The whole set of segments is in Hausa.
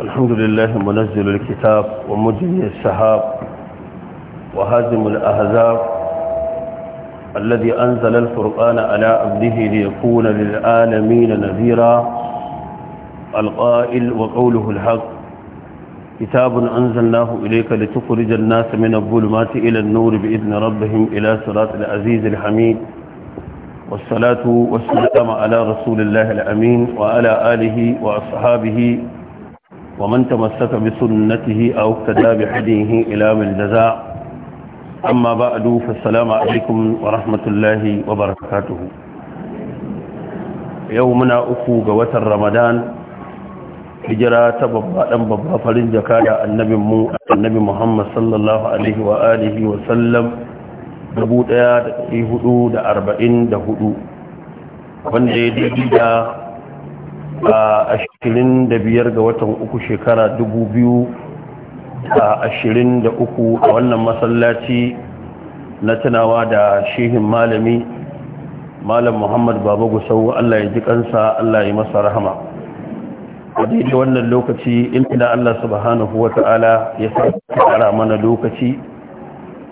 الحمد لله منزل الكتاب ومجري السحاب وهازم الأهزاب الذي أنزل الفرقان على عبده ليكون للعالمين نذيرا القائل وقوله الحق كتاب أنزلناه إليك لتخرج الناس من الظلمات إلى النور بإذن ربهم إلى صراط العزيز الحميد والصلاة والسلام على رسول الله الأمين وعلى آله وأصحابه ومن تمسك بسنته أو اقتدى بحديه إلى من جزاء أما بعد فالسلام عليكم ورحمة الله وبركاته يومنا أكو قوة رمضان hijira ta babbaɗan babba farin jaka da annabin mu annabi Muhammad sallallahu alaihi wa alihi wa sallam 1444 wanda ya daidai da a 25 ga watan uku shekara 2023 a wannan masallaci na tunawa da shehin malami malam muhammad baba gusau allah ya ji kansa allah ya masa rahama a daidai wannan lokaci inda allah subhanahu wa ta'ala ya sa mana lokaci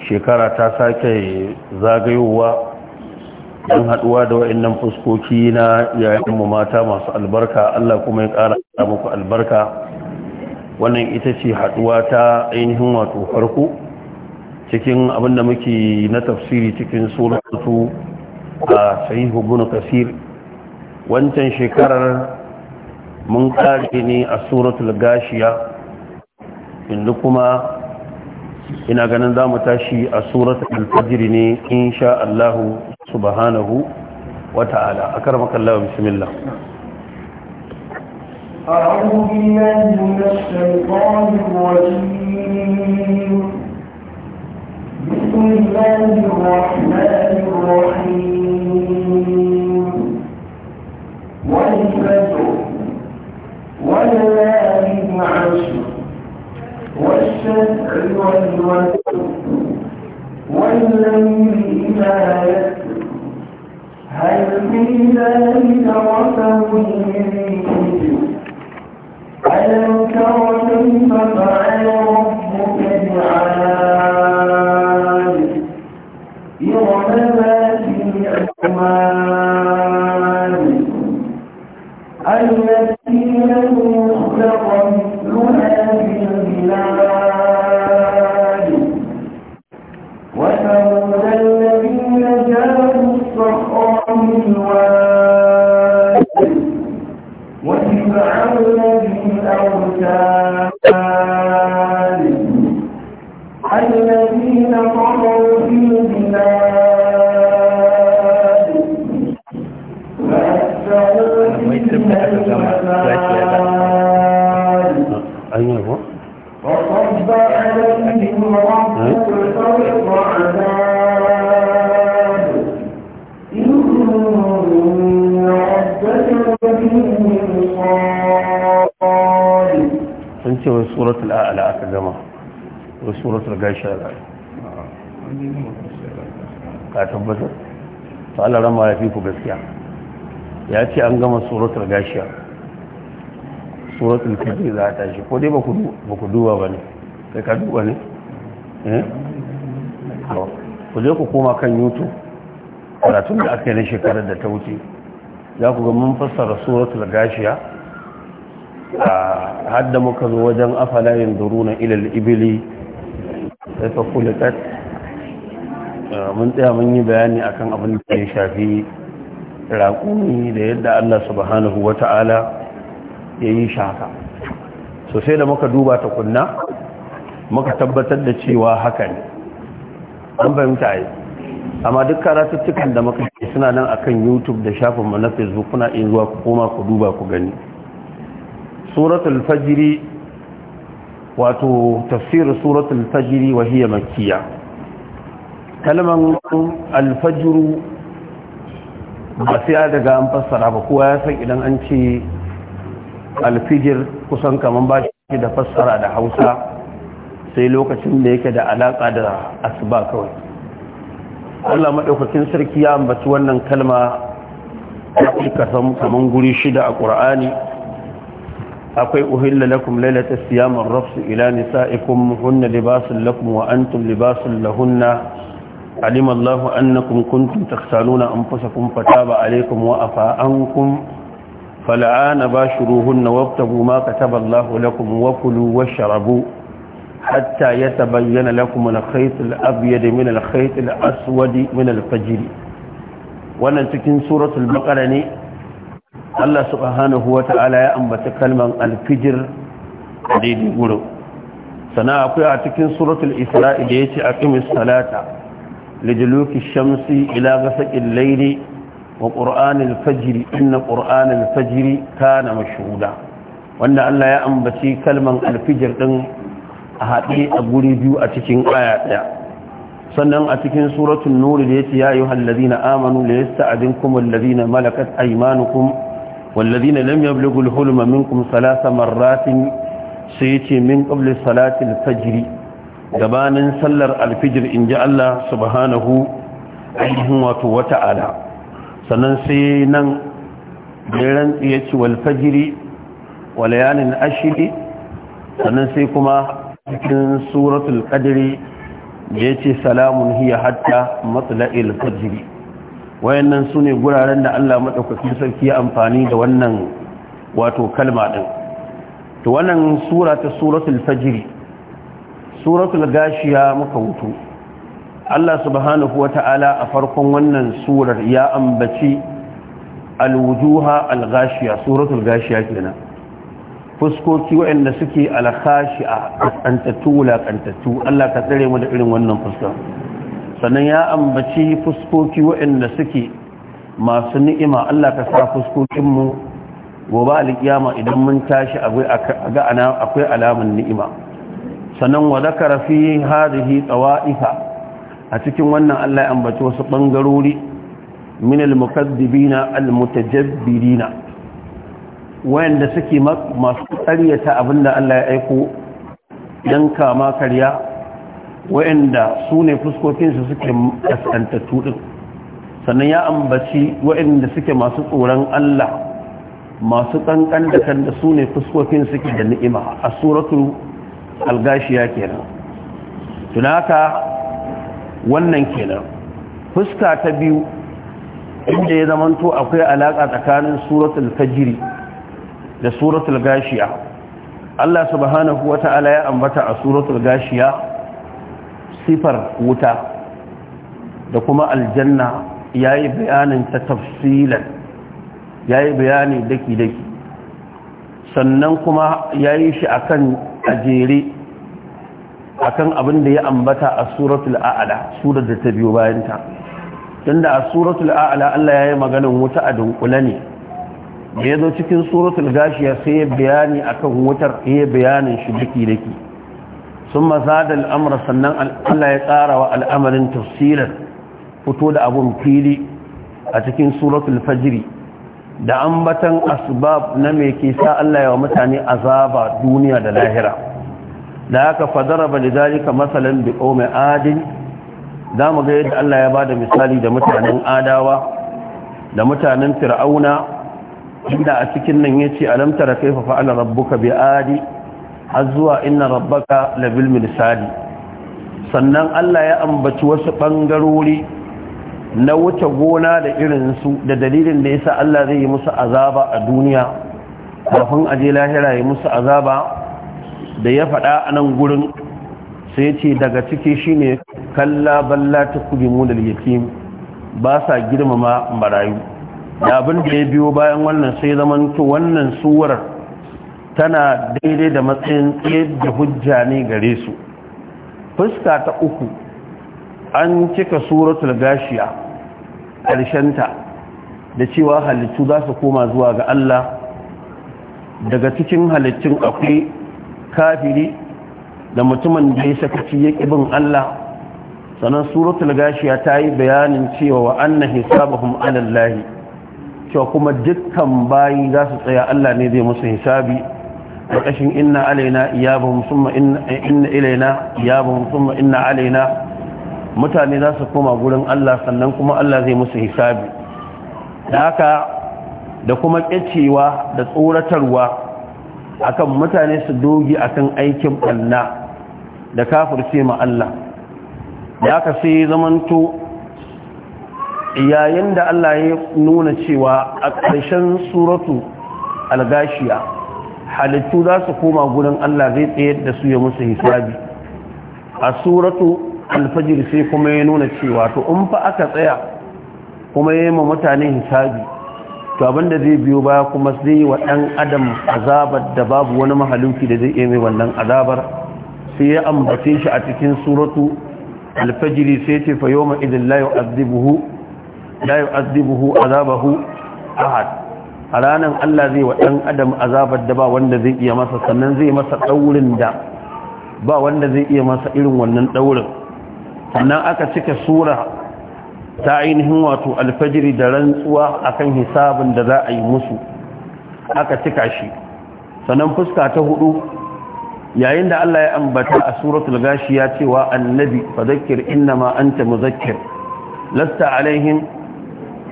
shekara ta sake zagayowa don haduwa da wa'annan fuskoki na yayin mu mata masu albarka Allah kuma ya kara da muku albarka wannan ita ce haduwa ta ainihin wato farko cikin abin da muke na tafsiri cikin suratu a sahihu ibn kasir wancan shekarar mun kare ne a suratul gashiya inda kuma ina ganin za mu tashi a suratul fajr ne insha Allahu سبحانه وتعالى أكرمك الله بسم الله أعوذ بالله من الشيطان الرجيم بسم الله الرحمن الرحيم والفجر وليالي العشر والشفع والوتر والليل إذا يسر الميزان وتوجيه wai ta a'la aka gama wai suratul gashi za ka tabbatar to Allah ma ya fi ku gaskiya ya ce an gama gashi gashiya suratul kaji za ta shi ko dai ba ku duba ba ne sai ka duba ne eh? ku je ku koma kan youtube karatun da aka yi na shekarar da ta wuce za ku ga mun fassara gashi gashiya hadda muka zo wajen afalayin duruna ilil ibili sai fa kulikat mun tsaya mun yi bayani akan abin da ya shafi raƙumi da yadda Allah subhanahu wata'ala ya yi shaka sosai da muka duba ta kunna muka tabbatar da cewa haka ne an fahimta yi amma duk karatuttukan da muka suna nan akan youtube da shafinmu na facebook kuna iya zuwa ku koma ku duba ku gani suratul fajiri wato tafsirin suratul fajiri wa hiya makkiya kalman alfajiru ba sai ya daga an fassara ba kowa ya san idan an ce alfijir kusan kaman ba shi da fassara da hausa sai lokacin da yake da alaƙa da asuba kawai allah maɗaukakin sarki ya ambaci wannan kalma ya kasan kaman guri shida a ƙura'ani akwai uhilla lakum lailata siyamar rafsu ila nisa'ikum hunna libasun lakum wa antum libasun lahunna alim Allah annakum kuntum takhtaluna anfusakum fataba alaykum wa afa ankum fal'ana bashuruhunna wabtagu ma kataba Allah lakum wa kulu washrabu hatta yatabayyana lakum al-khayt al-abyad min al-khayt al-aswad min al-fajr wannan cikin suratul makara ne Allah subhanahu wa ta'ala ya ambata kalman alfijir a daidai gurin sana akwai a cikin suratul isra'i da ya ce a kimis salata lijiluki shamsi ila gasaƙin laili wa ƙur'anin fajiri inna ƙur'anin fajiri kana mashuda wanda Allah ya ambaci kalman alfijir ɗin a haɗe a guri biyu a cikin aya ɗaya sannan a cikin suratun nuri da ya ce ya yi na amanu da ya sta'adin kuma hallazina malakat aimanukum والذين لم يبلغوا الحلم منكم ثلاث مرات سيتي من قبل صلاة الفجر دبان سلر الفجر إن جاء الله سبحانه عزه وتعالى سننسينا بلن يتي والفجر وليان الأشر سننسيكما cikin suratul qadri da yace salamun hiya hatta matla'il fajr wayannan su ne guraren da Allah maɗaukaki sarki ya amfani da wannan wato kalma ɗin to wannan sura ta suratul fajiri suratul gashiya muka wuto Allah subhanahu wata'ala a farkon wannan surar ya ambaci alwujuha algashiya suratul gashiya kenan fuskoki waɗanda suke alkashi a kantattu wulakantattu Allah ka tsare mu da irin wannan fuskar sannan ya ambaci fuskoki waɗanda suke masu ni'ima Allah ka sa fuskokinmu gobe alkiyama idan mun tashi ga akwai alamun ni'ima sannan wa zakara fi hadhihi tawaifa a cikin wannan Allah ya ambaci wasu bangarori min al-mukaththibina al-mutajabbirina wayanda suke masu ƙaryata abinda Allah ya aiko dan kama karya wa'anda su ne fuskokinsu suke kaskantattu sannan ya ambaci wa'anda suke masu tsoron Allah masu kankan da kan da su ne fuskokin suke da ni'ima a suratu algashiya kenan tunaka wannan kenan fuska ta biyu inda ya zamanto akwai alaƙa tsakanin suratul fajiri da suratul gashiya Allah subhanahu wata'ala ya ambata a suratul gashiya sifar wuta da kuma aljanna ya yi bayanin ta tafsilan ya yi bayani daki-daki sannan kuma ya yi shi akan ajere akan abin da ya ambata a suratul a'ala surar da ta biyo bayanta tunda a suratul a'ala Allah ya yi maganin wuta a dunkule ne da ya zo cikin suratul gashiya sai ya bayani akan wutar ya bayanin shi daki-daki sun maza da al'amura sannan Allah ya tsara wa al'amarin tafsirar fito da abun fili a cikin suratul fajiri da ambatan asbab na mai ke sa Allah ya wa mutane azaba duniya da lahira da haka fadara ba da zalika matsalan bi ƙome adin za mu ga yadda Allah ya ba da misali da mutanen adawa da mutanen fir'auna inda a cikin nan ya ce alamtara kai fa'ala rabbuka bi adi har zuwa inna rabbaka labil misali sannan Allah ya ambaci wasu ɓangarori na wuce gona da irinsu da dalilin da yasa Allah zai yi musu azaba a duniya kafin a je lahira yi musu azaba da ya faɗa a nan gurin sai ce daga ciki shine kalla balla ta kudimu da yatim ba sa girmama marayu da abin da ya biyo bayan wannan sai zamanto wannan suwar tana daidai da matsayin tsaye da hujja ne gare su fuska ta uku an cika suratul gashiya ƙarshenta da cewa halittu za su koma zuwa ga Allah daga cikin halittun akwai kafiri da mutumin da ya sakaci ya ƙibin Allah sannan suratul gashiya ta yi bayanin cewa wa annan hisabahum alallahi cewa kuma dukkan bayi za su tsaya Allah ne zai musu hisabi ƙarƙashin inna alaina iyabahum musamman inna ilaina iyabahum musamman inna alaina mutane za su koma gurin Allah sannan kuma Allah zai musu hisabi da haka da kuma ƙyacewa da tsoratarwa akan mutane su dogi akan aikin ɓanna da kafirce ma Allah da haka sai zamanto yayin da Allah ya nuna cewa a ƙarshen suratu algashiya halittu za su koma gurin Allah zai tsayar da su ya musu hisabi a suratu alfajir sai kuma ya nuna cewa to in fa aka tsaya kuma ya yi ma mutane hisabi to abinda zai biyo baya kuma zai yi wa ɗan adam azabar da babu wani mahaluki da zai iya mai wannan azabar sai ya ambace shi a cikin suratu alfajiri sai ce fa yau ma'idin la azabahu ahad a ranar Allah zai wa ɗan adam azabar da ba wanda zai iya masa sannan zai masa ɗaurin da ba wanda zai iya masa irin wannan ɗaurin sannan aka cika sura ta ainihin wato alfajiri da rantsuwa akan hisabin da za a yi musu aka cika shi sannan fuska ta hudu yayin da Allah ya ambata a suratul ya cewa annabi fadhakkir innama anta muzakkir lasta alaihim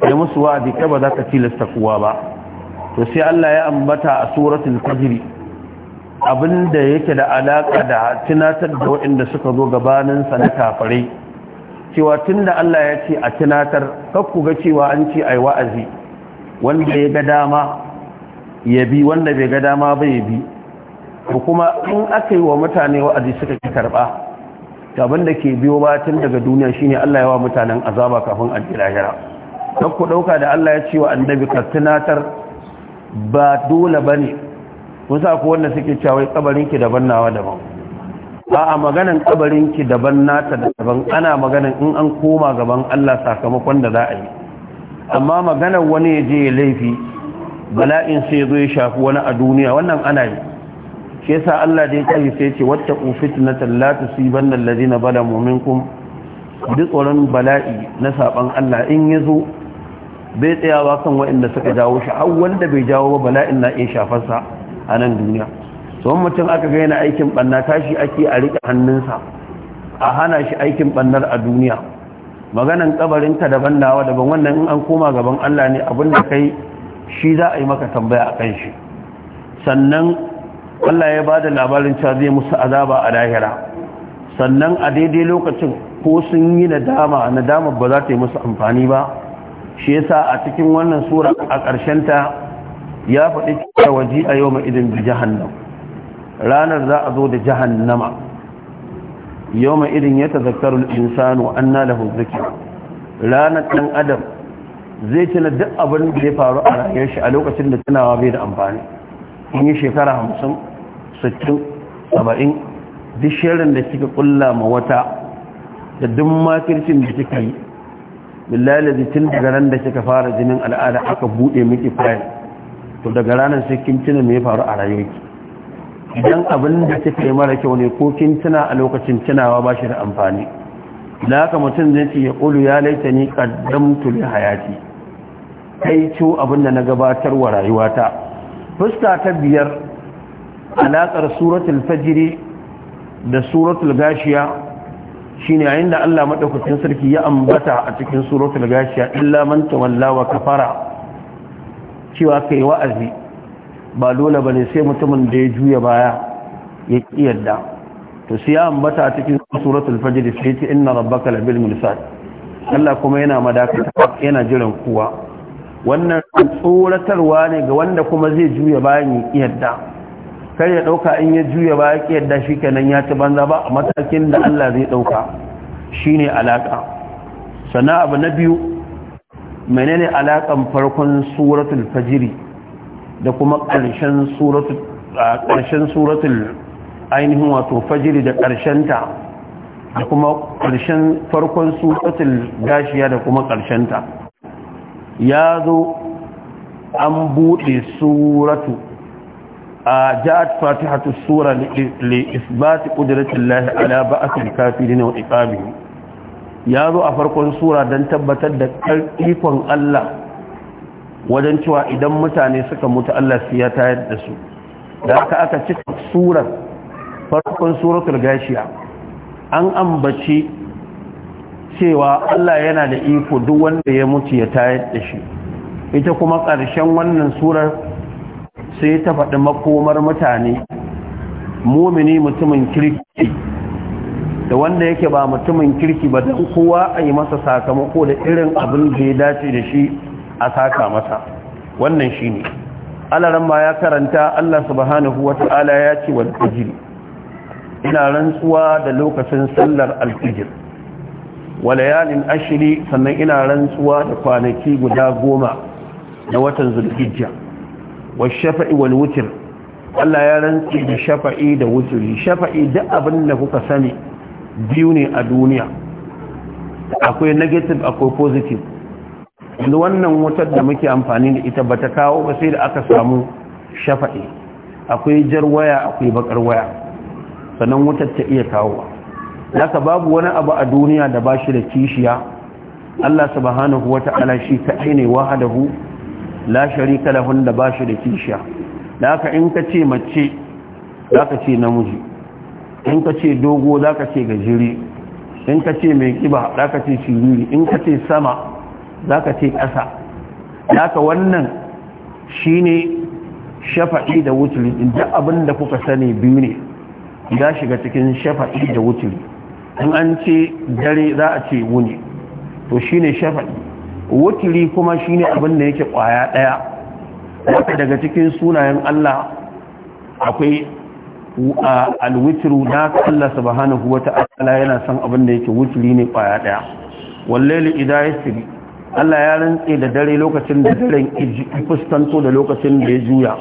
ya musu wa'adi ka ba za ka tilasta kuwa ba to sai Allah ya ambata a suratul fajr abinda yake da alaka da tunatar da waɗanda suka zo gabanin sa na kafare cewa tunda Allah ya ce a tunatar kakku ga cewa an ce ai wa'azi wanda ya ga dama ya bi wanda bai ga dama ba ya bi ko kuma in aka yi wa mutane wa'azi suka ki karba abin da ke biyo ba tun daga duniya shine Allah ya wa mutanen azaba kafin a ji lahira kakku dauka da Allah ya ce wa annabi ka tunatar ba dole ba ne kun sa ku wanda suke cewa kabarinki daban nawa daban ba a maganan kabarinki daban nata daban ana maganan in an koma gaban Allah sakamakon da za a yi amma maganar wani ya je ya laifi bala'in sai zo ya shafi wani a duniya wannan ana yi shi yasa Allah da ya kai sai ce wata na fitnatan la tusibanna alladhina zalamu minkum duk tsoron bala'i na saban Allah in ya zo. bai tsayawa kan waɗanda suka jawo shi har wanda bai jawo ba bala'in na iya shafarsa a nan duniya tsohon mutum aka ga yana aikin ɓanna tashi ake a riƙe hannunsa a hana shi aikin ɓannar a duniya maganan kabarinka daban nawa daban wannan in an koma gaban Allah ne abin da kai shi za a yi maka tambaya a kan shi sannan Allah ya ba da labarin cewa zai musu azaba a lahira sannan a daidai lokacin ko sun yi nadama nadama ba za ta yi musu amfani ba shi yasa a cikin wannan sura a ƙarshen ta ya faɗi cewa waji a yau idin jahannam ranar za a zo da jahannama yau idin ya zakarun insanu na lahu zikr ranar ɗan adam zai tuna duk abin da ya faru a rayuwar shi a lokacin da tunawa bai da amfani in yi shekara hamsin sittin saba'in duk shirin da kika kulla ma wata da duk makircin da kika yi billahi tin daga ran da kika fara jinin al'ada aka bude miki fayil to daga ranar sai kin tuna me ya faru a rayuwarki idan abin da kika yi mara kyau ne ko kin tuna a lokacin tunawa ba shi da amfani da haka mutum zai ce ya ƙulu ya laita ni ƙaddamtu li hayati kai ciwo abin da na gabatar wa rayuwata fuska ta biyar alaƙar suratul fajiri da suratul gashiya shine yayin da Allah madaukakin sarki ya ambata a cikin suratul gashiya illa man tawalla wa kafara cewa kai wa'azi ba dole bane sai mutumin da ya juya baya ya kiyarda to sai ya ambata a cikin suratul fajr sai ta inna rabbaka labil mursal Allah kuma yana madaka yana jiran kowa wannan tsoratarwa ne ga wanda kuma zai juya bayan ya kiyarda kar ya ɗauka in ya juya ba ya yadda shi kenan ya ci banza ba a matakin da Allah zai ɗauka shi ne alaƙa sana abu na biyu menene alaƙan farkon suratul fajiri da kuma ƙarshen suratul ainihin wato fajiri da ƙarshenta da kuma ƙarshen farkon suratul gashiya da kuma ƙarshenta ya zo an buɗe suratu جاءت فاتحة السورة لإثبات قدرة الله على بأس الكافرين وإقابهم يا أفرق سورة دان تبتد إيقان الله ودان توا إدام متاني سكا متألا سياتا يدسو ذاك أكا تكا سورة فرق سورة الغاشية أن أنبتي سوى الله ينا لإيقو دوان يموت يتايد دشي إذا كما قرشان ونن سورة sai ta faɗi makomar mutane mumini mutumin kirki da wanda yake ba mutumin kirki ba don kowa a yi masa sakamako da irin abin da ya dace da shi a saka masa wannan shi ne alaran ya karanta allah subhanahu wa ta'ala ya ce wa alfijir ina rantsuwa da lokacin sallar alfijir wa layalin ashiri sannan ina rantsuwa da kwanaki guda goma na watan zulhijja wa shafa'i wal wutr Allah ya rantsi da shafa'i da wuturi shafa'i duk abinda kuka sani biyu ne a duniya akwai negative akwai positive wannan wutar da muke amfani da ita bata kawo ba sai da aka samu shafa'i akwai jar waya akwai bakar waya sannan wutar ta iya kawo naka babu wani abu a duniya da bashi da kishiya Allah subhanahu wata'ala shi kaɗai ne wahadahu la sharika lahun da ba da kishiya da haka in ka ce mace za ka ce namiji in ka ce dogo za ka ce gajiri in ka ce mai kiba za ka ce shiriri in ka ce sama za ka ce ƙasa da wannan shine ne shafa'i da wuturi duk abin da kuka sani biyu ne ya shiga cikin shafa'i da wuturi in an ce dare za a ce wuni to shi ne shafa'i wakili kuma shine abin da yake kwaya daya wata daga cikin sunayen Allah akwai alwitru da Allah subhanahu ta'ala, yana son abin da yake wukili ne kwaya daya wallahi idan siri Allah ya rantse da dare lokacin da daren fuskanto da lokacin da ya juya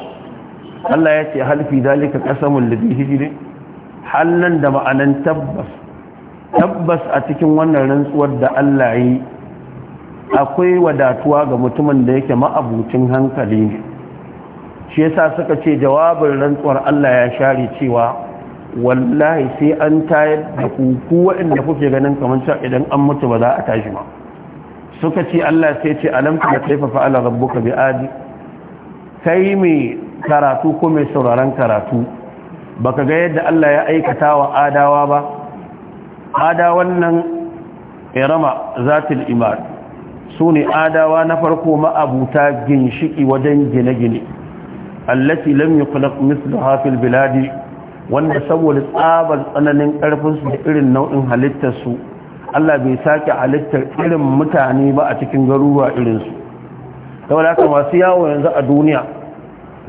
Allah ya ce halfi zalika qasamul ladhi hijri hallan da ma'anan tabbas tabbas a cikin wannan rantsuwar da Allah ya yi akwai wadatuwa ga mutumin da yake ma'abucin hankali ne shi yasa suka ce jawabin rantsuwar Allah ya share cewa wallahi sai an tayar da ku ku waɗanda kuke ganin kamar cewa idan an mutu ba za a tashi ba suka ce Allah sai ce alam ta kaifa ala rabbuka bi adi kai mai karatu ko mai sauraron karatu baka ga yadda Allah ya aikata wa adawa ba ada wannan irama zatul imani su ne adawa na farko ma'abuta ginshiki wajen gine-gine allati lam kula misli hafil biladi wanda saboda tsabar tsananin karfinsu da irin nau'in halittarsu Allah bai sake halittar irin mutane ba a cikin garuruwa irinsu su da haka masu yawo yanzu a duniya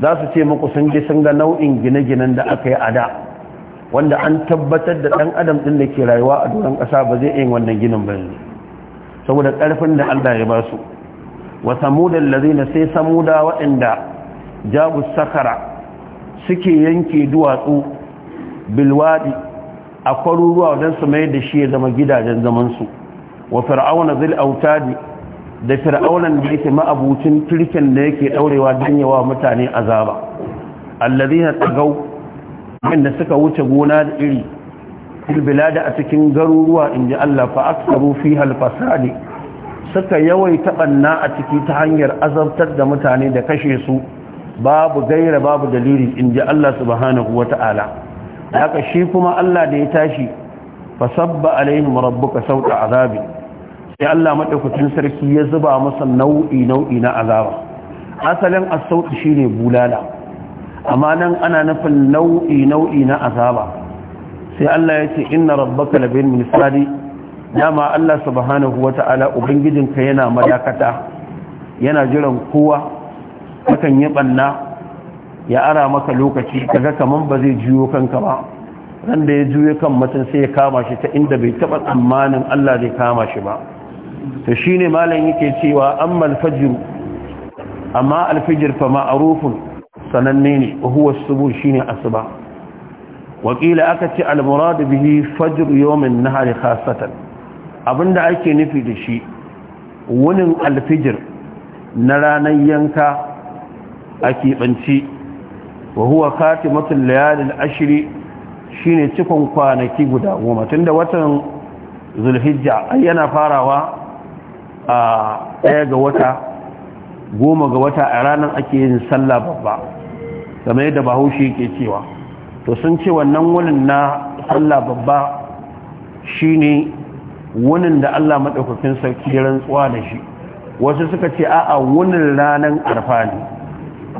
za su ce maku sun ji sun ga nau'in gine-ginen da aka yi a da wanda an tabbatar da ɗan adam ɗin da ke rayuwa a doron ƙasa ba zai yin wannan ginin ba yanzu saboda ƙarfin da Allah ya ba su wa samudan lazina sai samuda waɗanda jabu sakara suke yanke duwatsu bilwadi a kwaruruwa don su mai da shi ya zama gidajen zamansu wa fir'auna zil autadi da fir'aunan da yake ma'abucin turken da yake daurewa don yawa mutane azaba allazina tagau wanda suka wuce gona da iri bilada a cikin garuruwa in ji Allah fa aksaru fi halfasadi suka yawaita banna a ciki ta hanyar azabtar da mutane da kashe su babu gaira babu dalili in ji Allah subhanahu wa ta'ala haka shi kuma Allah da ya tashi fa sabba alaihim rabbuka sauta azabi sai Allah maɗaukacin sarki ya zuba masa nau'i nau'i na azaba asalin as-sauti shine bulala amma nan ana nufin nau'i nau'i na azaba sai Allah ya ce inna rabbaka labil misali dama Allah subhanahu wata'ala ubangijinka yana madakata yana jiran kowa kakan yi banna ya ara maka lokaci kaga kaman ba zai juyo kanka ba ran da ya juya kan mutum sai ya kama shi ta inda bai taba tsammanin Allah zai kama shi ba to shine malam yake cewa amma al-fajr amma al-fajr fa ma'rufun sananne ne huwa as-subh shine asuba wakila aka ce almuradu bihi fajr yawmin nahari khasatan abinda ake nufi da shi wunin alfijir na ranar yanka ake banci wa huwa al-layali al ashri shine cikon kwanaki guda goma tunda watan zulhijja yana farawa a daya ga wata goma ga wata a ranar ake yin sallah babba kamar da bahaushe ke cewa to sun ce wannan wunin na Allah babba shine wunin da Allah madaukakin sarki ya rantsuwa da shi wasu suka ce a'a wunin ranan arfa ne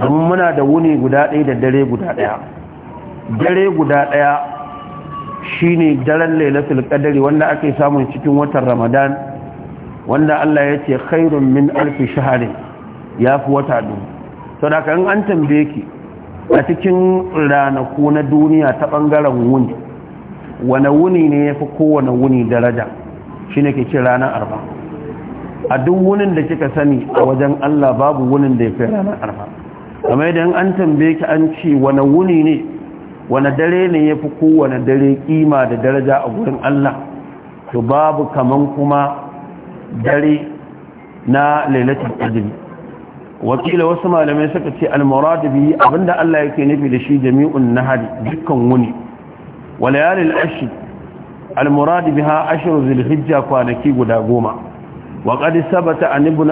domin muna da wuni guda ɗaya da dare guda ɗaya dare guda ɗaya shine daren lailatul filƙadari wanda ake samun cikin watan ramadan wanda Allah ya ce khairun min alfi shaharin ya fi wata dubu sadaka an tambaye ki a cikin ranaku na duniya ta ɓangaren wuni wane wuni ne ya fi kowane wuni daraja shi ne ke ce ranar arba a duk wunin da kika sani a wajen allah babu wunin da ya fi ranar arba Kama yadda an tambaye ki an ce wane wuni ne wane dare ne ya fi kowane dare kima da daraja a wurin allah to babu kaman kuma dare na lailatul qadr wakila wasu malamai suka ce almuradu bihi abinda Allah yake nufi da shi jami'un nahari dukkan wuni wa layalil ashi almuradu biha ashru zulhijja kwanaki guda goma wa sabata an ibn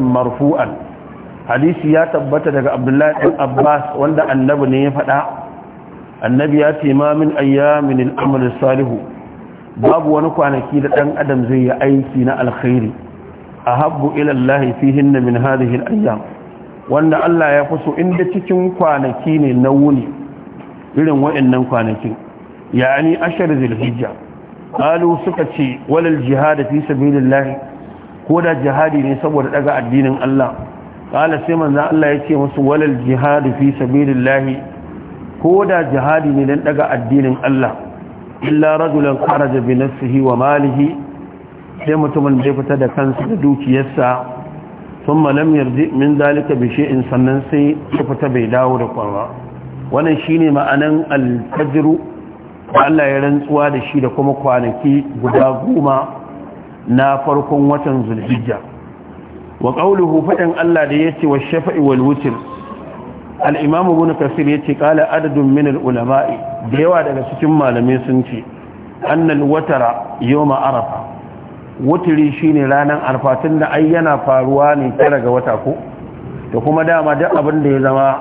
marfu'an hadisi ya tabbata daga abdullahi ibn abbas wanda annabi ne ya faɗa annabi ya ce ma min ayyamin salihu babu wani kwanaki da ɗan adam zai yi aiki na alkhairi ahabbu ila Allah fihinna min hadhihi ayyam wanda Allah ya fi so inda cikin kwanaki ne na wuni irin wa'annan kwanaki yani ashar zulhijja qalu suka ce walal jihad fi sabilillah ko da jihadi ne saboda daga addinin Allah qala sai manzo Allah ya ce musu walal jihad fi sabilillah ko da jihadi ne dan daga addinin Allah illa rajulan kharaja bi nafsihi wa malihi sai mutumin da fita da kansa da dukiyarsa sun malam yarda min zalika bishe in sannan sai su fita bai dawo da kwanwa wannan ne ma'anin alfajiru da Allah ya rantsuwa da shi da kuma kwanaki guda goma na farkon watan zulhijja wa qawluhu fadan Allah da ce wa shafa'i wal witr al-imam ibn ya ce qala adadin min al-ulama'i da yawa daga cikin malamai sun ce annal watara yawma arafa wuturi shine ranar arfatun da ai yana faruwa ne tara ga wata ko to kuma dama duk abin da ya zama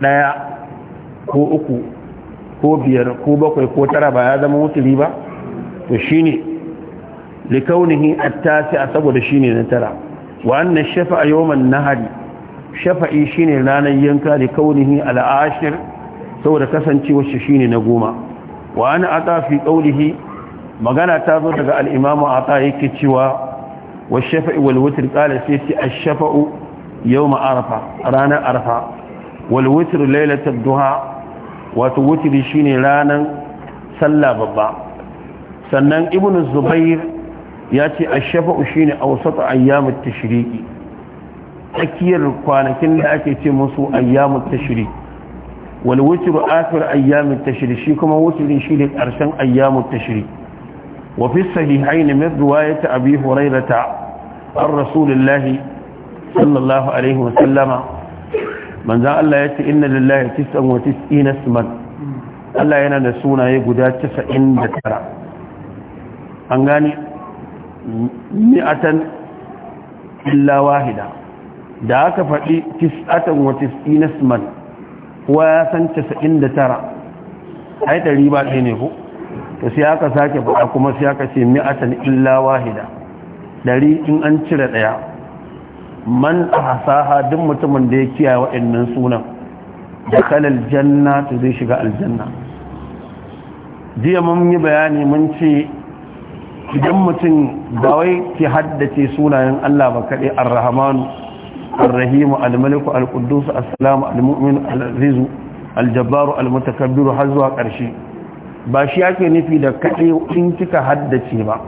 daya ko uku ko biyar ko bakwai ko tara ba ya zama wutiri ba to shine likaunihi attasi a saboda shine na tara wa anna shafa'a yawman nahari shafa'i shine ranar yanka likaunihi al'ashir saboda kasancewa shi shine na goma wa ana ata fi qawlihi magana ta zo daga al'imamu a ta yake cewa wa shafa'i wal wutr qala sai ce ash-shafa'u yawm arfa ranar arfa wal wutr lailatul duha wato shi ne ranar sallah babba sannan Ibn zubair ya ce ash-shafa'u wasu awsatu ta tashriqi tsakiyar kwanakin da ake ce musu ayyamut tashriqi wal wutr akhir ayyamut tashriqi shi kuma shi ne karshen ayyamut tashriqi وفي الصحيحين من رواية أبي هريرة عن رسول الله صلى الله عليه وسلم من ذا الله يأتي إن لله تسعة وتسعين اسما الله ينا نسونا يقدا تسعين بكرة أنغاني مئة إلا واحدة da aka faɗi tis'atan wa tis'ina isman kowa ya san 99 ai ɗari ba ɗaya ne ko to sai aka sake faɗa kuma sai aka ce mi'atan illa wahida dari in an cire daya man ahsaha duk mutumin da ya kiyaye waɗannan sunan da kalal janna to zai shiga aljanna jiya mun yi bayani mun ce idan mutum ba wai ki haddace sunayen Allah ba kaɗai ar-rahmanu ar-rahimu al-maliku al-quddus as-salamu al-mu'min al-azizu al-jabbaru al har zuwa ƙarshe ba shi ake nufi da kaɗe in kika haddace ba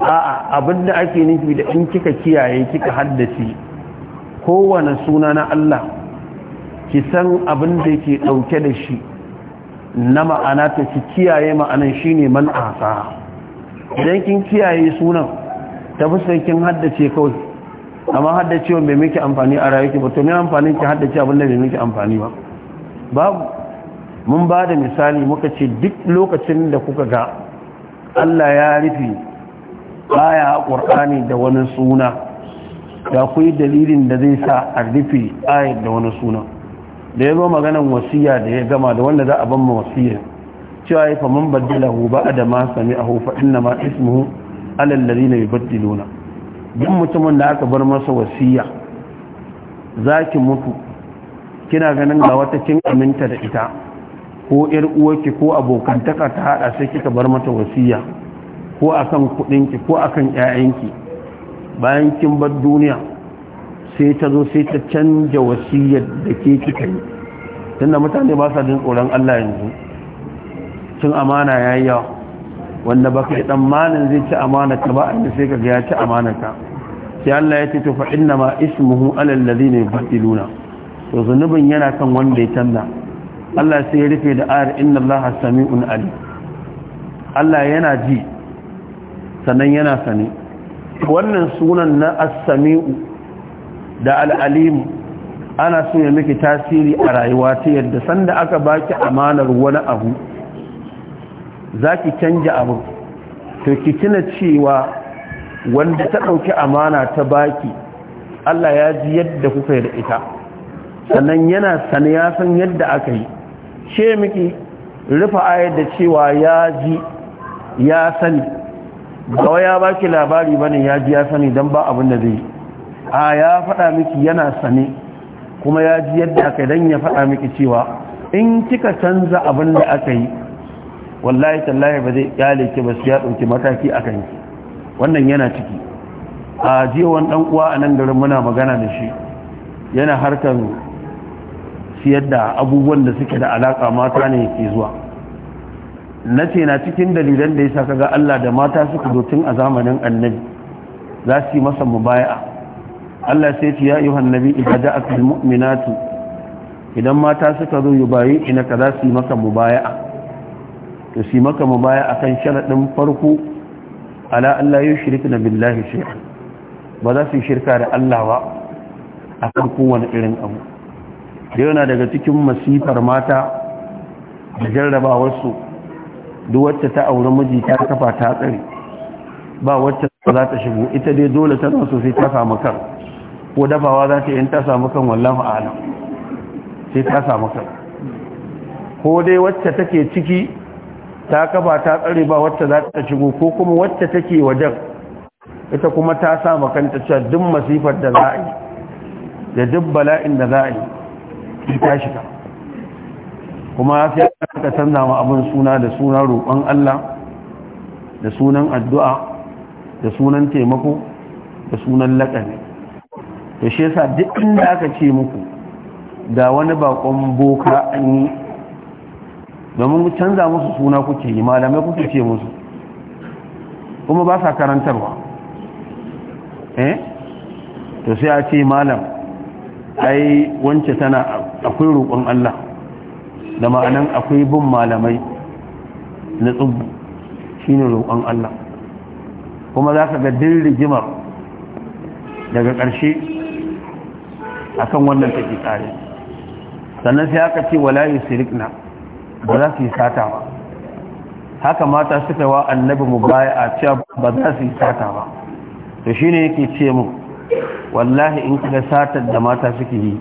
a'a abin da ake nufi da in kika kiyaye kika haddace kowane suna na Allah ki san abin da yake ɗauke da shi na ma'ana ta ki kiyaye ma'anan shi ne man asa idan kin kiyaye sunan ta fuskan kin haddace kawai amma haddacewa bai miki amfani a rayuwa ba to me amfani ki haddace abin da bai miki amfani ba babu mun ba da misali muka ce duk lokacin da kuka ga Allah ya rufe aya a ƙur'ani da wani suna da kuwa dalilin da zai sa a rufe aya da wani suna da ya zo maganan wasiya da ya gama da wanda za a ban ma wasiya cewa ya fa man baddala hu ba da ma sami a hufa inna ma ismuhu alal ladina baddilona. duk mutumin da aka bar masa wasiya ki mutu kina ganin ga wata kin aminta da ita ko yar uwarki ko abokantaka ta hada sai kika bar mata wasiya ko akan kudinki ko akan ƴaƴanki bayan kin bar duniya sai ta zo sai ta canja wasiyar da ke kika yi tunda mutane ba sa jin tsoron Allah yanzu cin amana yayi yawa wanda baka dan malin zai ci amana ta ba inda sai kaga ya ci amana ta sai Allah ya ce to fa inna ma ismuhu alal ladina yubatiluna to zunubin yana kan wanda ya tanna Allah sai ya rufe da ayar inna Allah sami'un ali Allah yana ji sannan yana sani wannan sunan na as-sami'u da al-alim ana so ya miki tasiri a rayuwa ta yadda sanda aka baki amanar wani abu zaki canja abu to ki tuna cewa wanda ta dauki amana ta baki Allah ya ji yadda kuka yi da ita sannan yana sani ya san yadda aka yi ce miki rufe ayar da cewa ya ji ya sani gawa ya ba ki labari bane ya ji ya sani don ba abin da zai a ya faɗa miki yana sane kuma ya ji yadda aka don ya faɗa miki cewa in kika canza abin da aka yi wallahi tallahi ba zai kyale ki ba su ya ɗauki mataki a kan wannan yana ciki a jiya wani ɗan uwa a nan garin muna magana da shi yana harkar siyar da abubuwan da suke da alaka mata ne ke zuwa na ce na cikin dalilan da ya sa kaga Allah da mata suka tun a zamanin annabi za su yi masa mubaya'a Allah sai ce ya yi nabi idan da akal mu'minatu idan mata suka zo yi bayi ina ka za su yi maka mubaya'a to su yi maka mubaya'a kan sharadin farko ala Allah ya shirka na billahi shay'an ba za su yi shirka da Allah ba akan kowane irin abu da yana daga cikin masifar mata da jarraba wasu duk wacce ta aure miji ta kafa ta tsari ba wacce za ta shigo ita dai dole ta so sai ta samu kan ko dafawa za ta yin ta samu kan wallahu alam sai ta samu kan ko dai wacce take ciki ta kafa ta tsare ba wacce za ta shigo ko kuma wacce take wajen ita kuma ta samu kanta cewa duk masifar da za a yi da duk bala'in da za a yi sai ta shiga kuma sai aka canza ma abin suna da suna roƙon Allah da sunan addu'a da sunan taimako da sunan laƙani to shi yasa duk inda aka ce muku da wani bakon boka an yi domin canza musu suna kuke yi malamai kuke ce musu kuma ba sa karantarwa eh to sai a ce malam ai wance tana abu akwai roƙon Allah da ma'anan akwai bin malamai na tsubu ne roƙon Allah kuma za ka ga rigimar daga ƙarshe akan wannan take tsare sannan sai aka ce wala sirikna ba za su yi sata ba haka mata suka wa annabi a cewa ba za su yi sata ba to shine yake ce mu wallahi in kaga satar da mata suke yi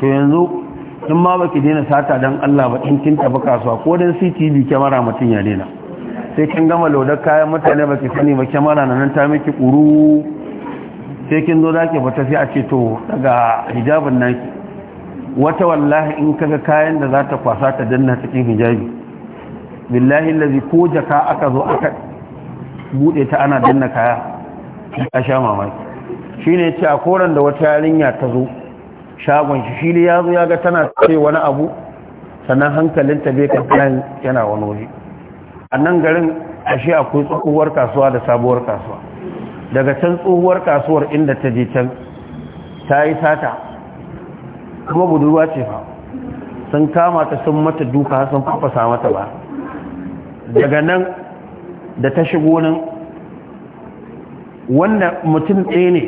to yanzu in ma ba ki daina sata don Allah ba in kin ba kasuwa ko don CTV kyamara mutum ya daina sai kin gama laudar kayan mutane ba ki sani ba kyamara na nan ta miki kuru sai kin zo za ki fita sai a ce to daga hijabin naki wata wallahi in kaga kayan da za ta kwasa ta danna cikin hijabi billahi lazi ko jaka aka zo aka bude ta ana danna kaya a sha mamaki shine ce a koran da wata yarinya ta zo shagon shi shi ya zo ya ga tana ce wani abu sannan hankalinta bai kan yana wani waje a nan garin a shi akwai tsohuwar kasuwa da sabuwar kasuwa daga can tsohuwar kasuwar inda ta je can ta yi sata kuma budurwa ce fa sun kama ta sun mata duka sun fafasa mata ba daga nan da ta shigo nan wannan mutum ɗaya ne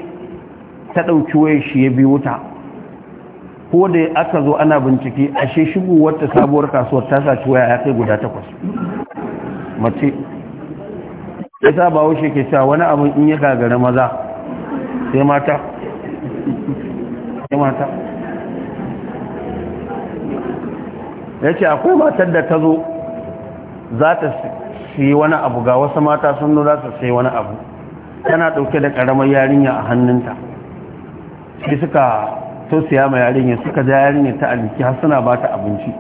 ta ɗauki wayar shi ya biyu ta ko da aka zo ana bincike ashe shigowar ta sabuwar kasuwar ta saci waya ya kai guda takwas mace ita ba wuce ke cewa wani abin in ya gagara maza sai mata sai mata ya ce akwai matar da ta zo za ta sai wani abu ga wasu mata sun za su sai wani abu tana ɗauke da ƙaramar yarinya a hannunta sai suka tausaya ma yarinya suka ja yarinya ta aliki har suna ba abinci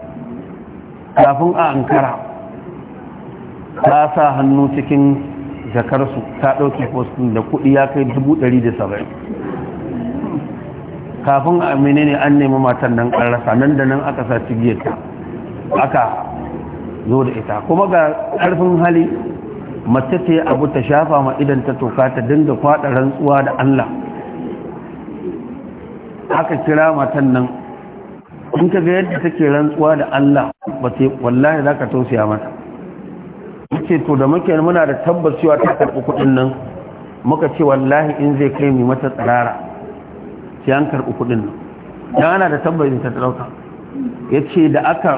kafin a ankara ta sa hannu cikin jakarsu ta ɗauki postin da kuɗi ya kai 170 kafin a ne an nemi matan nan rasa nan da nan aka sa cigiyarta aka zo da ita kuma ga karfin hali mace ce abu ta shafa ma idan ta toka ta dinga kwaɗa rantsuwa da allah aka kira matan nan in ka ga yadda take rantsuwa da Allah ba sai wallahi zaka tausaya mata yace to da muke muna da cewa ta karɓi kuɗin nan muka ce wallahi in zai kai mu mata tsirara sai an karɓi kuɗin nan dan ana da tabbacin ta dauka yace da aka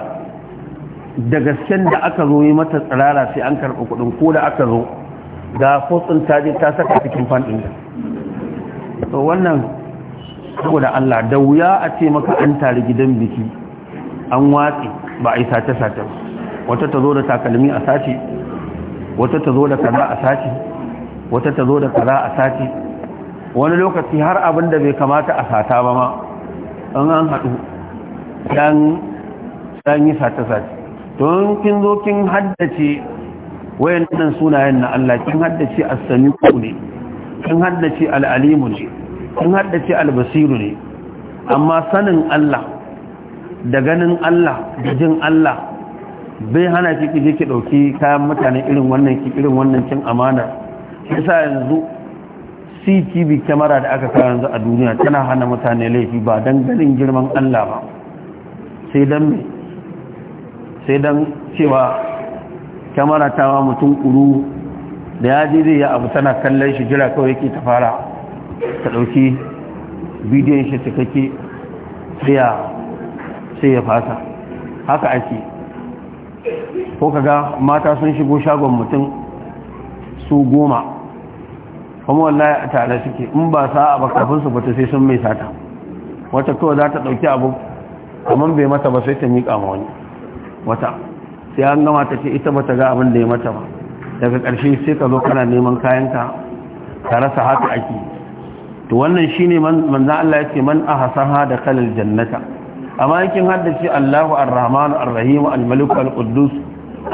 da gasken da aka zo yi mata tsirara sai an karɓi kuɗin ko da aka zo ga fotsin ta je ta saka cikin fan ɗin to wannan saboda Allah da wuya a ce maka an tare gidan biki an watsi ba a yi sace-sace wata ta zo da takalmi a sace wata ta zo da kaza a sace wata ta zo da kaza a sace wani lokaci har abin da bai kamata a sata ba ma an an haɗu ɗan yi sace-sace don kin zo kin haddace wayannan sunayen na Allah kin haddace as-sami'u ne kin haddace al-alimu ne in haddace albasiru ne amma sanin Allah da ganin Allah da jin Allah bai hana ki kije ki dauki kayan mutane irin wannan ki irin wannan cin amana yasa yanzu CTV camera da aka kawo yanzu a duniya tana hana mutane laifi ba dan ganin girman Allah ba sai dan me sai dan cewa camera ta wa mutum kuru da ya je zai ya abu tana kallon shi jira kawai yake ta fara ta ɗauki bidiyon shi cikakke sai ya fasa haka ake ko kaga mata sun shigo shagon mutum su goma kuma wallahi a tare suke in ba sa'a ba kafin su fita sai sun mai sata wata to za ta ɗauki abu kamar bai mata ba sai ta miƙa ma wani wata sai an gama ta ce ita ba ta ga abin da ya mata ba daga ƙarshe sai ka zo kana neman kayanka ka rasa haka ake to wannan shine manzan Allah yake man a hasaha da kalal jannata amma yakin haddace Allahu ar-Rahman ar-Rahim al-Malik al-Quddus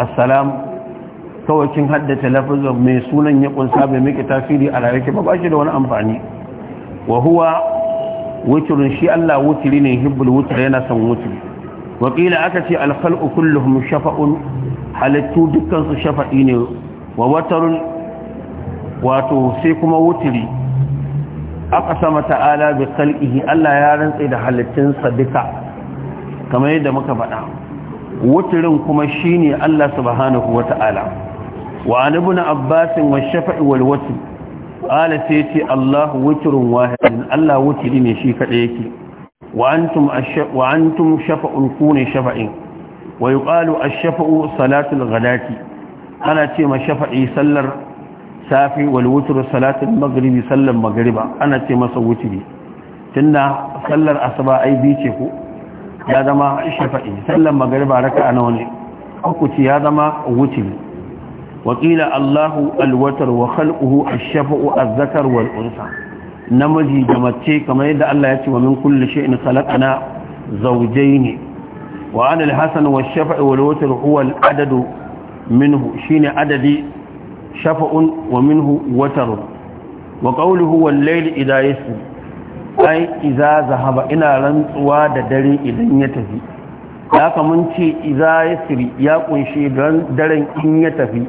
assalam kawai kin haddace lafazin mai sunan ya kunsa bai miki tasiri a rayuwa ba bashi da wani amfani wa huwa wutrun shi Allah wutri ne hibbul wutr yana son wutri wa qila aka ce al khalqu kulluhum shafa'un halittu dukkan su shafa'i ne wa watarun wato sai kuma wutri aqsama ta'ala bi khalqihi Allah ya rantsa da halittun sa duka kamar yadda muka faɗa wutirin kuma shine Allah subhanahu wata'ala wa an ibn abbas wa shafa'i wal watr qala sayti Allah wutrun wahid Allah wutri ne shi kada yake wa antum wa antum shafa'un kuni shafa'in wa yuqalu ash-shafa'u salatul ghadati ana ce ma shafa'i sallar safi walwutar salatin salatul sallar sallan ana ce masa Tun tunda sallar asuba ai bi ce ku? ya zama shafa'i Sallar maghriba raka'a nawa ne uku ce ya zama wutri wakila Allahu alwatar wa khalquhu ash-shafa'u adh-dhakar wal unsa namiji da mace kamar yadda Allah ya ce wa min kulli shay'in khalaqana zawjayn wa ana al-hasan wash shafa'i wal watr huwa al-adadu minhu shine adadi shafa'un wa minhu watar wa qawluhu wal layli idha yasri ai idza zahaba ina rantsuwa da dare idan ya tafi haka mun ce idza yasri ya ƙunshi dan daren in ya tafi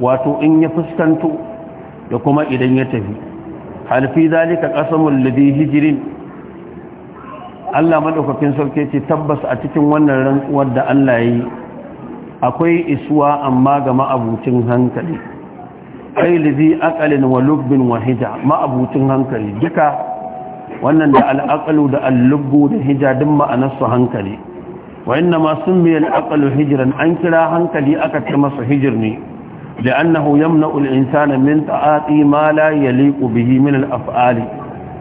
wato in ya fuskanto da kuma idan ya tafi hal fi zalika qasamul ladhi hijrin Allah madaukakin sauke ce tabbas a cikin wannan rantsuwar da Allah ya yi akwai isuwa amma ga ma'abucin hankali kai lizi akalin wa lubbin wa hija ma'abucin hankali duka wannan da al'aqalu da al-lubbu da hija din ma'anarsu hankali wa inna ma summiya al-aqalu hijran an kira hankali aka ce masa hijir ne لأنه يمنع الإنسان من تعاطي ما لا bihi min من الأفعال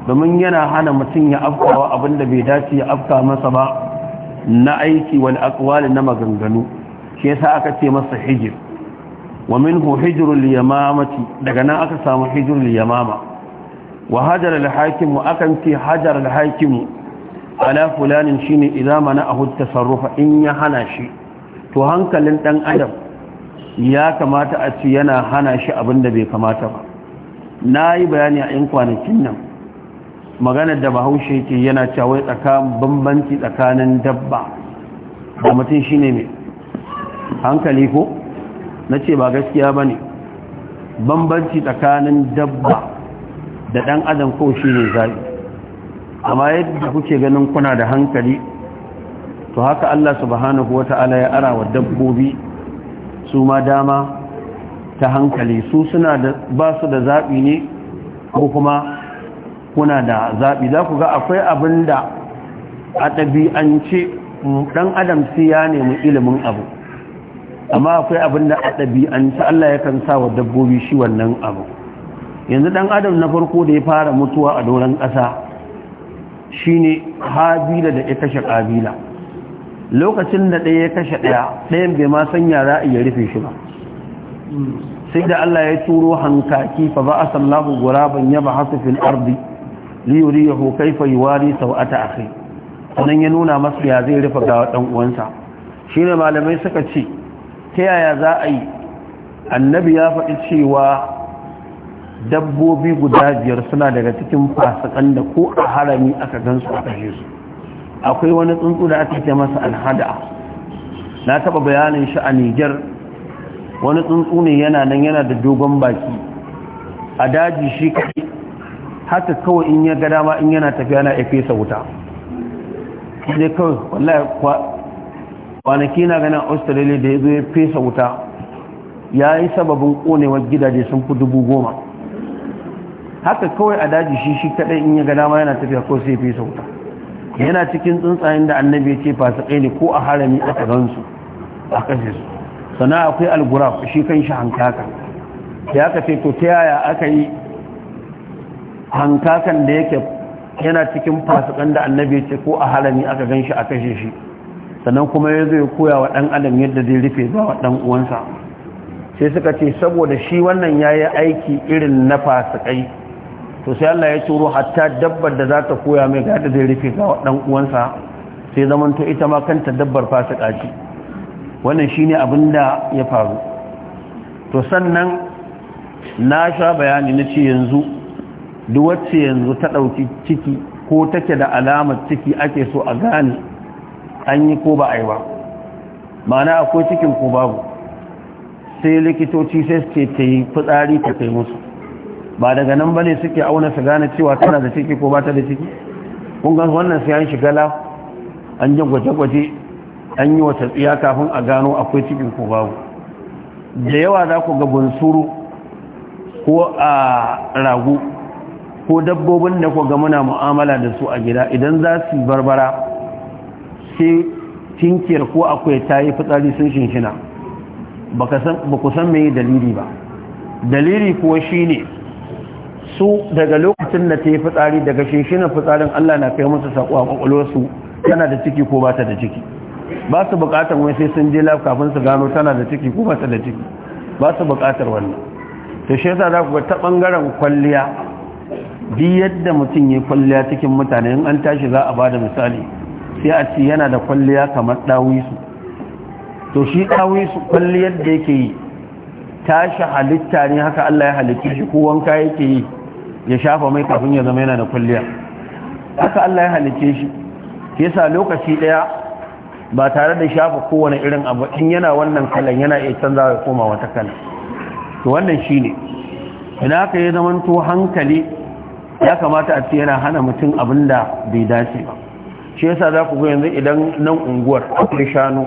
domin yana hana mutum ya afkawa abin da bai dace ya afka masa ba na aiki wal aqwali na maganganu shi yasa aka ce masa hijir wa minhu hijrul yamamati daga nan aka samu hijrul yamama wa hajar al-hakim akan ce hajar al-hakim ala fulanin shine idan mana ahu tasarrufa in ya hana shi to hankalin dan adam ya kamata a ce yana hana shi abinda bai kamata ba nayi bayani a yan kwanakin nan maganar da bahaushe yake yana cewa tsakanin bambanci tsakanin dabba da mutum shine mai hankali ko na ce ba gaskiya ba ne bambanci tsakanin dabba da ɗan adam ko shi ne zaɓi amma yadda kuke ganin kuna da hankali to haka Allah subhanahu wa ta'ala ya ara wa dabbobi su ma dama ta hankali su suna da ba su da zaɓi ne ko kuma kuna da zaɓi za ku ga akwai abin da a ɗabi'ance ɗan adam sai ya nemi ilimin abu amma akwai abin da a ci Allah ya kan sa wa dabbobi shi wannan abu yanzu ɗan adam na farko da ya fara mutuwa a doron ƙasa shine habila da ya kashe ƙabila lokacin da ɗaya ya kashe ɗaya ɗayan bai ma san yara iya rufe shi ba sai da Allah ya turo hankaki fa ba asallahu guraban ya ba hasu fil ardi yi wari sau a ta akhi nan ya nuna masu ya zai rufe ga ɗan uwansa ne malamai suka ce ta yaya za a yi annabi ya faɗi cewa dabbobi guda biyar suna daga cikin fasakan da ko a harami aka gansu a kashe su akwai wani tsuntsu da aka ce masa alhada na taɓa bayanin shi a niger wani tsuntsu ne yana nan yana da dogon baki a daji shi kai haka kawai in ya ga dama in yana tafiya na efesa wuta kwanaki na ganin australia da ya zo ya fesa wuta ya yi sababin konewar gidaje sun fi dubu goma haka kawai a daji shi shi kadai in ya ga ma yana tafiya ko sai fesa wuta yana cikin tsuntsayen da annabi ce fasikai ne ko a harami a gansu a kashe su sana akwai algura shi kan shi hankaka ya ka ce to ta yaya aka yi hankakan da yake yana cikin fasikan da annabi ce ko a harami aka gan shi a kashe shi sannan kuma ya zai koya wa ɗan adam yadda zai rufe wa ɗan uwansa sai suka ce saboda shi wannan ya yi aiki irin na fasikai to sai Allah ya turo hatta dabbar da za ta koya mai gada zai rufe wa ɗan uwansa sai zamanto ita ma kanta dabbar fasika ce wannan shi ne abin da ya faru to sannan na sha bayani na ce yanzu duk wacce yanzu ta ɗauki ciki ko take da alamar ciki ake so a gane an yi ko ba a yi ba mana akwai cikin ko babu sai likitoci sai suke ta yi fitsari ta kai musu ba daga nan ba ne suke auna su gane cewa tana da ciki ko ba ta da ciki kun wannan sai an shigala an yi gwaje-gwaje an yi wata tsiya kafin a gano akwai cikin ko babu da yawa za ku ga bunsuru ko a ragu ko dabbobin da ku ga muna mu'amala da su a gida idan za su barbara sai tinkiyar ko akwai ta yi fitsari sun shinshina ba ku san mai dalili ba dalili kuwa shi ne su daga lokacin da ta yi fitsari daga shinshinan fitsarin allah na kai musu saƙo a ƙwaƙwalwarsu tana da ciki ko ba ta da ciki ba su buƙatar wani sai sun je lab kafin su gano tana da ciki ko ba ta da ciki ba su buƙatar wannan ta shi yasa za ku ga ta ɓangaren kwalliya duk yadda mutum ya kwalliya cikin mutane in an tashi za a ba da misali sai a ce yana da kwalliya kamar ɗawisu to shi ɗawisu kwalliyar da yake yi tashi halitta ne haka Allah ya halitta shi ko wanka yake yi ya shafa mai kafin ya zama yana da kwalliya haka Allah ya halitta shi yasa lokaci ɗaya ba tare da shafa kowane irin abu in yana wannan kalan yana iya canza ya koma wata kala to wannan ne ina ka ya zama to hankali ya kamata a ce yana hana mutum abin da bai dace ba shi yasa za ku ga yanzu idan nan unguwar akwai shanu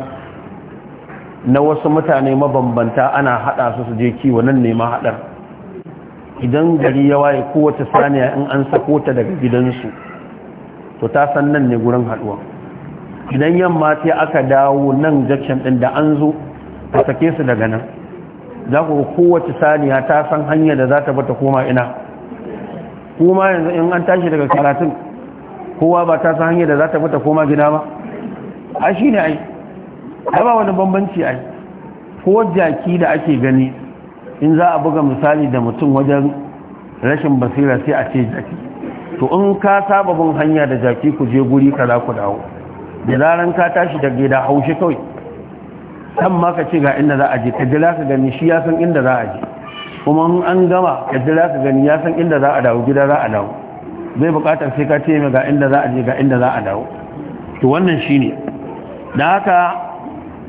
na wasu mutane mabambanta ana hada su su je kiwo nan nema haɗar. hadar idan gari ya waye kowace saniya in an sako ta daga gidansu to ta san nan ne gurin haduwa idan yamma sai aka dawo nan jakshan din da an zo ta sake su daga nan za ku kowace saniya ta san hanyar da za ta bata koma ina kuma yanzu in an tashi daga karatun kowa ba ta san hanyar da za ta fita koma gida ba a shi ne ai ai ba wani bambanci ai ko jaki da ake gani in za a buga misali da mutum wajen rashin basira sai a ce jaki to in ka saba bin hanya da jaki ku je guri ka za ku dawo da zaran ka tashi da gida haushi kawai san ma ka ce ga inda za a je ka jira ka gani shi ya san inda za a je kuma an gama ka jira ka gani ya san inda za a dawo gida za a dawo zai bukatar sai ka ce mai ga inda za a je ga inda za a dawo to wannan shi ne. da haka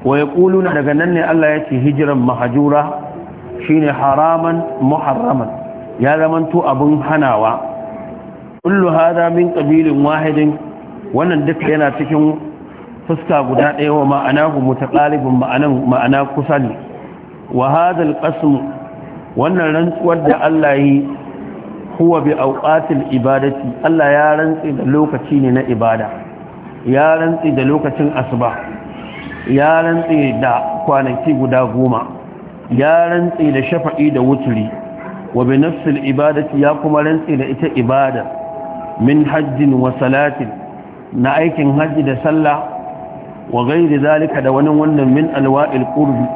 wa kuluna daga nan ne Allah ya ce hijran shi shine haraman muharraman ya zamanto abin hanawa kullu hada min qabilin wahidin wannan duka yana cikin fuska guda ɗaya wa ku mutaqalibun ma'ana ma'ana kusa ne wa hadha al wannan rantsuwar da Allah yi huwa bi auqatil ibadati Allah ya rantsi da lokaci ne na ibada ya rantsi da lokacin asuba ya rantsi da kwanaki guda goma ya rantsi da shafa'i da wuturi wa bi nafsil ibadati ya kuma rantsi da ita ibada min hajjin wa salatin na aikin hajji da sallah wa gairi zalika da wani wannan min alwa'il qurbi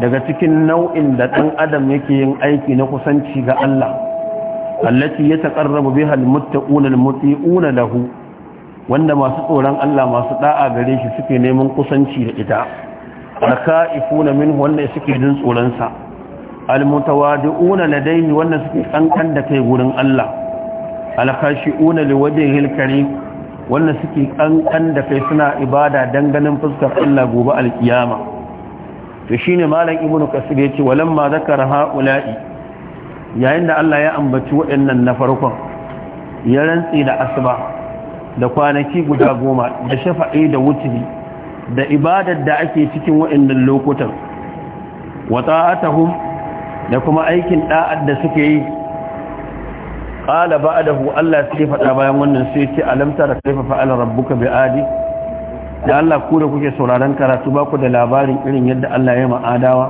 daga cikin nau'in da dan adam yake yin aiki na kusanci ga Allah allati yataqarrabu biha almuttaquna almuti'una lahu wanda masu tsoron Allah masu da'a gare shi suke neman kusanci da ita rakaifuna min wanda suke jin tsoron sa almutawadi'una ladayhi wanda suke kankan da kai gurin Allah alkhashi'una liwajhihi alkarim wanda suke kankan da kai suna ibada dan ganin fuskar Allah gobe alkiyama to shine malam ibnu kasir yace walamma zakara ha'ula'i yayin da Allah ya ambaci waɗannan na farkon ya rantsi da asuba da kwanaki guda goma da shafa'i da wuturi da ibadar da ake cikin waɗannan lokutan wa ta'atuhum da kuma aikin da'ad da suke yi qala dahu Allah suke faɗa bayan wannan sai ce alam da kaifa fa'ala rabbuka bi'adi da Allah ku da kuke sauraron karatu ba ku da labarin irin yadda Allah ya ma'adawa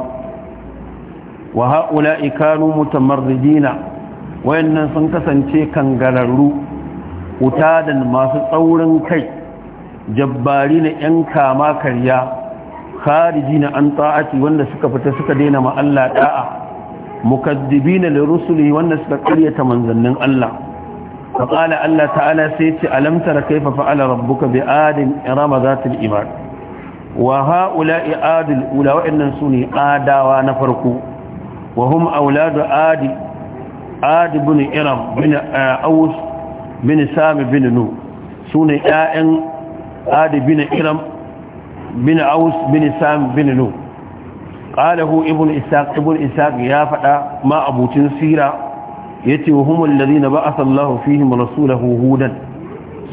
wa haula ikanu mutamarridina wayannan sun kasance kangararru da masu tsaurin kai jabbari na yan kama karya khariji na an ta'ati wanda suka fita suka daina ma Allah mukaddibi da lirusuli wanda suka karyata manzannin Allah فقال الله تعالى سيتي ألم تر كيف فعل ربك بآد إرام ذات الإمار وهؤلاء آد su ne adawa na farko. وهم أولاد آد آد بن إرم بن أوس بن سام بن نو سنة آئن آد بن إرم بن أوس بن سام بن نو قاله ابن إساق ابن إساق يافع ما أبو تنسيرا يتي وهم الذين بعث الله فيهم رسوله هودا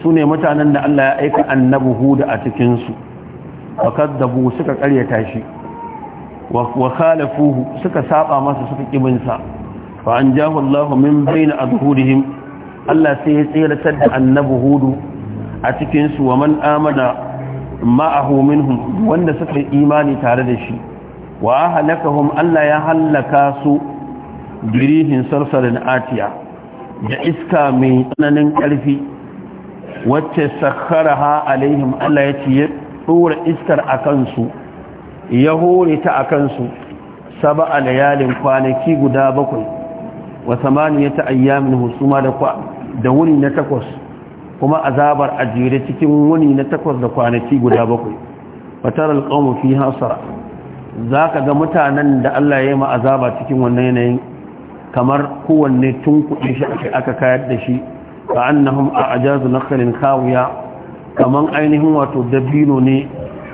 سنة متعنا أن الله يأيك أنه هود أتكنسو وكذبوا سكك أليتاشي wakalafuhu suka saba masa suka kibinsa fa an jahu Allah min bayna adhurihim Allah sai ya tsira da annabi hudu a cikin su wa man amana ma'ahu minhum wanda suka yi imani tare da shi wa ahlakahum Allah ya hallaka su birihin sarsarin atiya da iska mai tsananin ƙarfi wacce sakharaha alaihim Allah ya ce ya tsora iskar a kansu ya hore ta a kansu saba a layalin kwanaki guda bakwai wa samaniya ta ayyamin husuma da wuni na takwas kuma azabar ajiyar cikin wuni na takwas da kwanaki guda bakwai fatar alƙawun fi hasara za ka ga mutanen da Allah ya yi ma'azaba cikin wannan yanayin kamar kowanne tun kuɗi shi aka kayar da shi ka annahum a ajazu nakalin kawiya Kamar ainihin wato dabino ne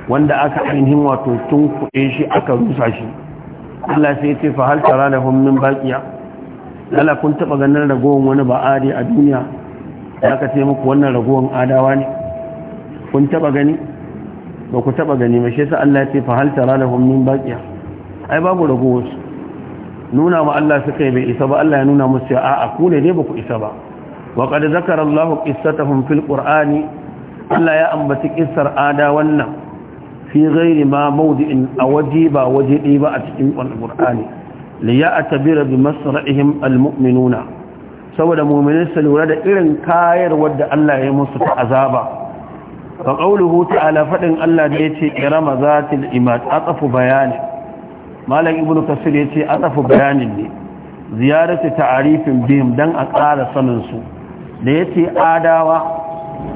wanda aka ainihin wato tun kuɗe shi aka rusa shi Allah sai ce fa hal tara lahum min baqiya lala kun taba ganin ragowan wani ba'adi a duniya aka ce muku wannan ragowan adawa ne kun taɓa gani ba ku taɓa gani ba shi yasa Allah ya ce fa hal tara lahum min baqiya ai babu ragowar nuna ma Allah suka yi bai isa ba Allah ya nuna musu a'a ku ne dai ba ku isa ba wa qad zakara Allahu qissatahum fil qur'ani Allah ya ambaci kissar ada wannan fi ghairi ma in a waje ba waje ɗi ba a cikin alqur'ani li ya'tabira bi masra'ihim almu'minuna saboda mu'minin su lura da irin kayar wadda Allah ya musu ta azaba fa qawluhu ta'ala fadin Allah da yace irama zatil imad atafu bayani malam ibnu kasir yace atafu bayanin ne ziyarati ta'arifin bihim dan a ƙara sanin su da yace adawa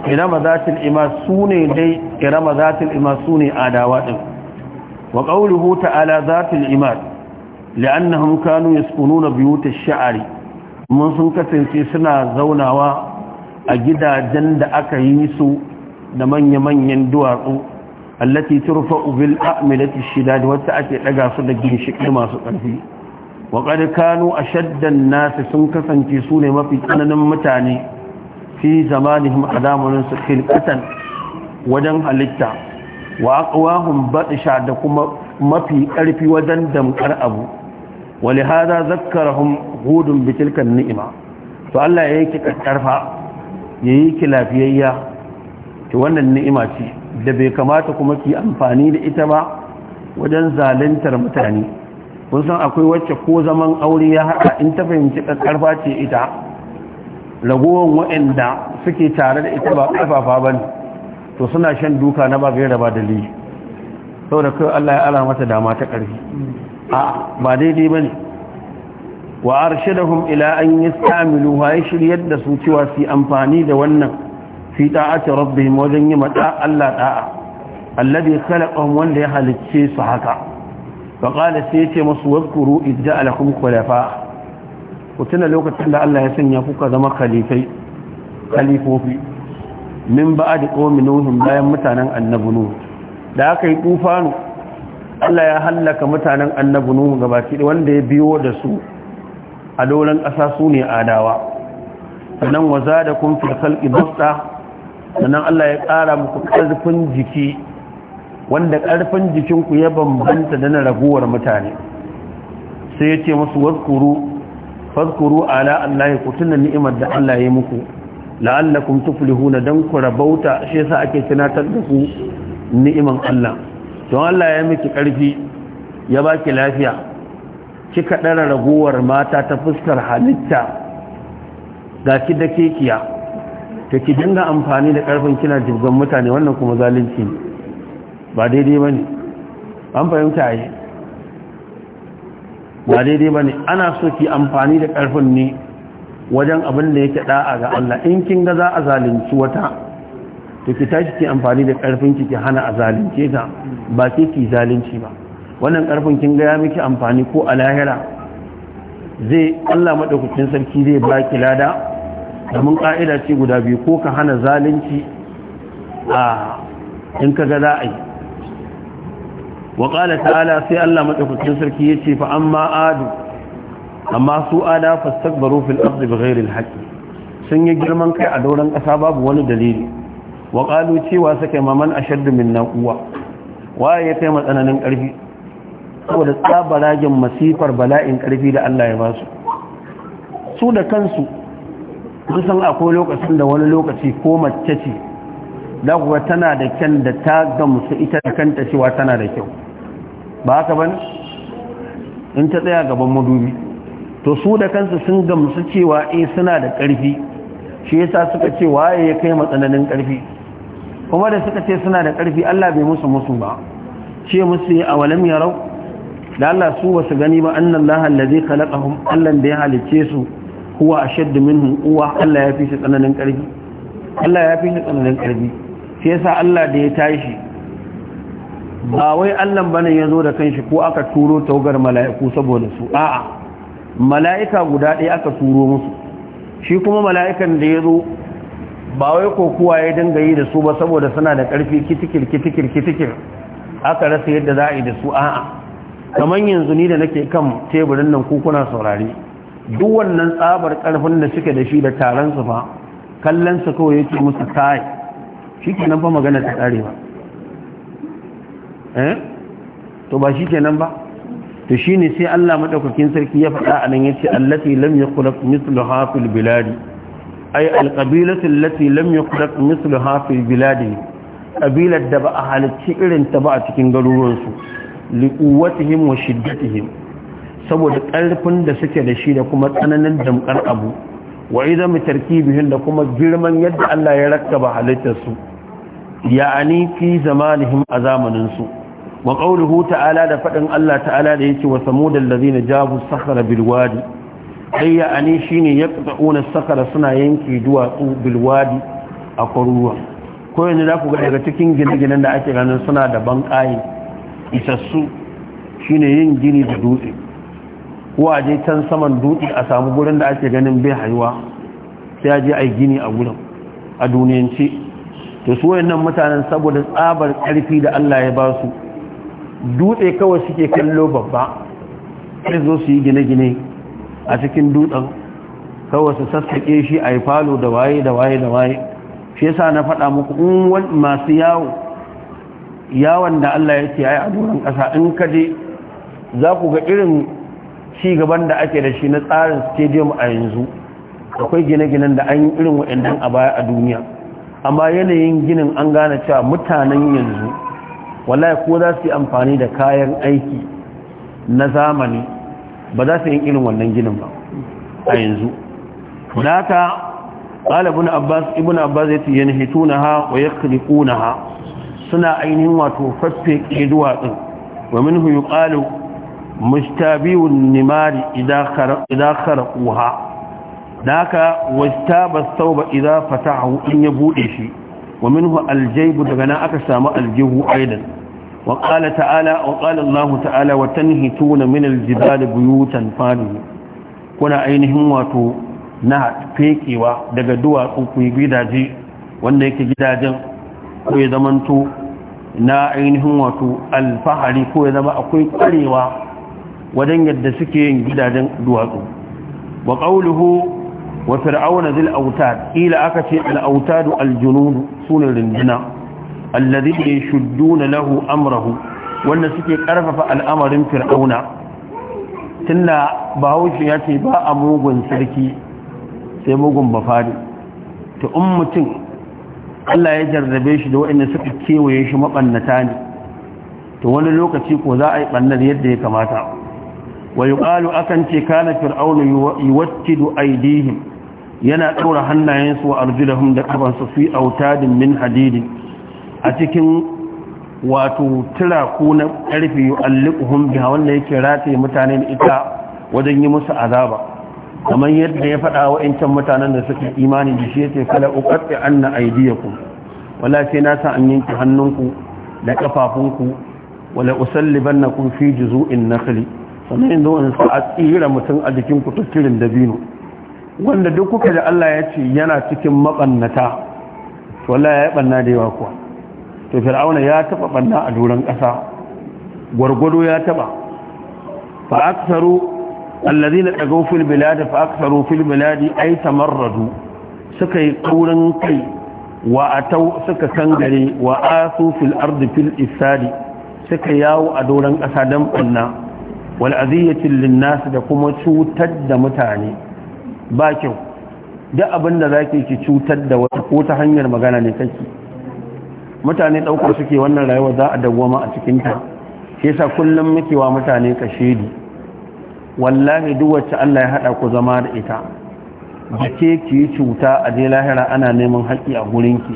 irama zatin ima sune dai irama zatin ima sune adawa din wa qawluhu ta'ala na imad ya kanu yaskununa biyu ta sha'ari. mun sun kasance suna zaunawa a gidajen da aka yi su da manya-manyan duwatsu allati turfa'u bil a'milati da wata ake daga su da ginshiki masu ƙarfi wa qad a shaddan an sun kasance su ne mafi tsananin mutane fi zamanihim a su khilqatan wajen halitta wa aqwahum batsha da kuma mafi karfi wajen damkar abu walihada zakkarahum hudun bitilkan ni'ima to Allah ya yake karfa ya ki lafiyayya to wannan ni'ima ce da bai kamata kuma ki amfani da ita ba wajen zaluntar mutane kun san akwai wacce ko zaman aure ya haɗa in ta fahimci karfa ce ita ragowar waɗanda suke tare da ita ba ƙarfafa ba ne to suna shan duka na ba da ba dalili da kai Allah ya alamata dama ta ƙarfi a ba daidai ba ne wa hum ila an yastamilu ya shiryar da su cewa su amfani da wannan fi ta'ati rabbihim wajen yi mata Allah da'a alladhi khalaqahum wanda ya halicce su haka fa qala sai ya ce masu wadhkuru idda ja'alakum khulafa ku tuna lokacin da Allah ya sanya kuka zama khalifai khalifofi min ba'di qawmi nuhum bayan mutanen annabi nuh da aka yi tufanu Allah ya hallaka mutanen annabi nuh gabaki da wanda ya biyo da su a dolan ƙasa su ne adawa sannan wa da kun fi khalqi basta sannan Allah ya ƙara muku ƙarfin jiki wanda ƙarfin jikinku ya bambanta da na raguwar mutane sai ya ce musu wadkuru fadkuru ala Allah ku tuna ni'imar da Allah ya yi muku la'allakum tuflihuna dan ku rabauta shi yasa ake tunatar da ku ni'iman Allah don Allah ya miki karfi ya baki lafiya kika dara raguwar mata ta fuskar halitta ga ki da kekiya ta ki dinga amfani da karfin kina jibgan mutane wannan kuma zalunci ba daidai bane an fahimta yi ba daidai ba ne ana so ki amfani da ƙarfin ne wajen abin da yake da'a ga Allah in kin ga za a zalunci wata to ki tashi ki amfani da ƙarfin ki ki hana a zalunce ta ba ke ki zalunci ba wannan ƙarfin kin ga ya miki amfani ko a lahira zai Allah madaukakin sarki zai ba ki lada domin ƙa'ida ce guda biyu ko ka hana zalunci a in ka ga za a yi Waƙala ƙala ta'ala sai Allah matsakutun sarki ya ce fa amma ma'adu amma su ada fastakbaru fil ardi sun yi girman kai a dauran ƙasa babu wani dalili Waƙalu cewa sake maman ashaddu minna waye ya kai matsananin ƙarfi saboda tsabaragen masifar bala'in ƙarfi da Allah ya ba su su da kansu kusan akwai lokacin da wani lokaci ko mace ce da tana da kyan da ta gamsu ita da kanta cewa tana da kyau ba haka bane in ta tsaya gaban madubi to su da kansu sun gamsu cewa eh suna da ƙarfi shi yasa suka ce waye ya kai matsananin ƙarfi kuma da suka ce suna da ƙarfi Allah bai musu musu ba ce musu ya awalam da Allah su ba su gani ba annan Allah allazi khalaqahum Allah da ya halice su huwa ashadd minhum quwwa Allah ya fi shi tsananin ƙarfi Allah ya fi shi tsananin ƙarfi shi yasa Allah da ya tashi ba wai allan bane ya zo da kanshi ko aka turo taugar mala'iku saboda su a'a mala'ika guda ɗaya aka turo musu shi kuma mala'ikan da ya zo ba wai kuwa ya dinga yi da su ba saboda suna da ƙarfi kitikir kitikir kitikir aka rasa yadda za a yi da su a'a kamar yanzu ni da nake kan teburin nan ko kuna saurari duk wannan tsabar ƙarfin da suke da shi da taron su fa kallon su kawai yake musu kai shi kenan fa magana ta ƙarewa Eh? to ba shi kenan ba to shine sai Allah madaukakin sarki ya faɗa anan yace allati lam yakhluq mithluha fil bilad ay al qabilatu allati lam yakhluq mithluha fil bilad qabilat da ba a halicci irin ta ba a cikin garuruwan su liquwatihim wa shiddatihim saboda karfin da suke da shi da kuma tsananin damkar abu wa idan tarkibihin da kuma girman yadda Allah ya rakkaba halittar su ya'ani fi zamanihim a zamanin su wa qawluhu ta'ala da faɗin Allah ta'ala da yake wa samudal ladina jabu sakhara bil wadi ayya ani shine yaqta'una sakhara suna yanke duwatsu bil a kwaruwa ko ne za ku ga daga cikin gine-ginen da ake ganin suna da banƙayi isassu shine yin gini da dutse je can saman dutse a samu gurin da ake ganin bai haiwa sai ya je a gini a gurin a duniyance to su wayannan mutanen saboda tsabar ƙarfi da Allah ya ba su dutse kawai suke kallo babba sai zo su yi gine-gine a cikin dutsen kawai su sassaƙe shi a yi falo da waye da waye da waye shi yasa na faɗa muku in masu yawo yawon da Allah ya ce a doron ƙasa in ka je za ku ga irin ci gaban da ake da shi na tsarin stadium a yanzu akwai gine-ginen da an yi irin waɗannan a baya a duniya amma yanayin ginin an gane cewa mutanen yanzu wallahi ko za su yi amfani da kayan aiki na zamani ba za su yi irin wannan ginin ba a yanzu haka قال ابن عباس ابن عباس ينهتونها ويخلقونها suna ainihin wato faffeke duwatsun wa minhu yuqalu mustabiun nimari idza kharaquha basu tauba thawba idza fatahu in ya buɗe shi wa minhu aljaybu daga aka samu aljihu aidan wa qala ta'ala wa qala Allah ta'ala wa tanhituna min aljibali buyutan fadihi kuna ainihin wato na fekewa daga duwatsu kuyi gidaje wanda yake gidajen ko ya zamanto na ainihin wato alfahari ko ya zama akwai kwarewa wajen yadda suke yin gidajen duwatsu wa qawluhu wa fir'auna zil autad ila aka ce al autad al junud sunan rinduna alladhi yashudduna lahu amrahu wanda suke karfafa al'amarin fir'auna tunda bahaushe ya ce ba a mugun sarki sai mugun bafari ta in mutum Allah ya jarrabe shi da waɗanda suka kewaye shi maɓannata ne ta wani lokaci ko za a yi ɓannar yadda ya kamata wa yi ƙalu akan ce kana fir'auna yi wacce aidihim yana ɗaura hannayensu wa arjulahum da kafansu fi autadin min hadidin, a cikin wato tira ko na ƙarfi yu'alliquhum biha wanda yake rataye mutane ita wajen yi musu azaba kamar yadda ya faɗa wa ƴancan mutanen da suka imani da shi ce kala uqatti anna ku wala sai na sa an yanke hannunku da kafafunku wala kun fi juzu'in nakhli sannan yanzu in sa tsira mutum a jikin ku dabino wanda duk kuka da Allah ya ce yana cikin maɓannata to wallahi ya yi ɓanna da yawa kuwa to fir'auna ya taɓa ɓanna a doron ƙasa gwargwado ya taɓa fa aksaru allazina tagaw fil biladi fa aksaru fil biladi ay suka yi ƙaurin kai wa atau suka kangare wa asu fil ardi fil isadi suka yawo a doron ƙasa don ɓanna wal aziyatin linnas da kuma cutar da mutane ba kyau duk abin da zaki ki cutar da wata ko ta hanyar magana ne kake mutane ɗaukar suke wannan rayuwa za a ma a cikin ta shi yasa kullum muke wa mutane kashedi wallahi duk wacce Allah ya hada ku zama da ita da ke ki cuta a je lahira ana neman haƙƙi a gurin ki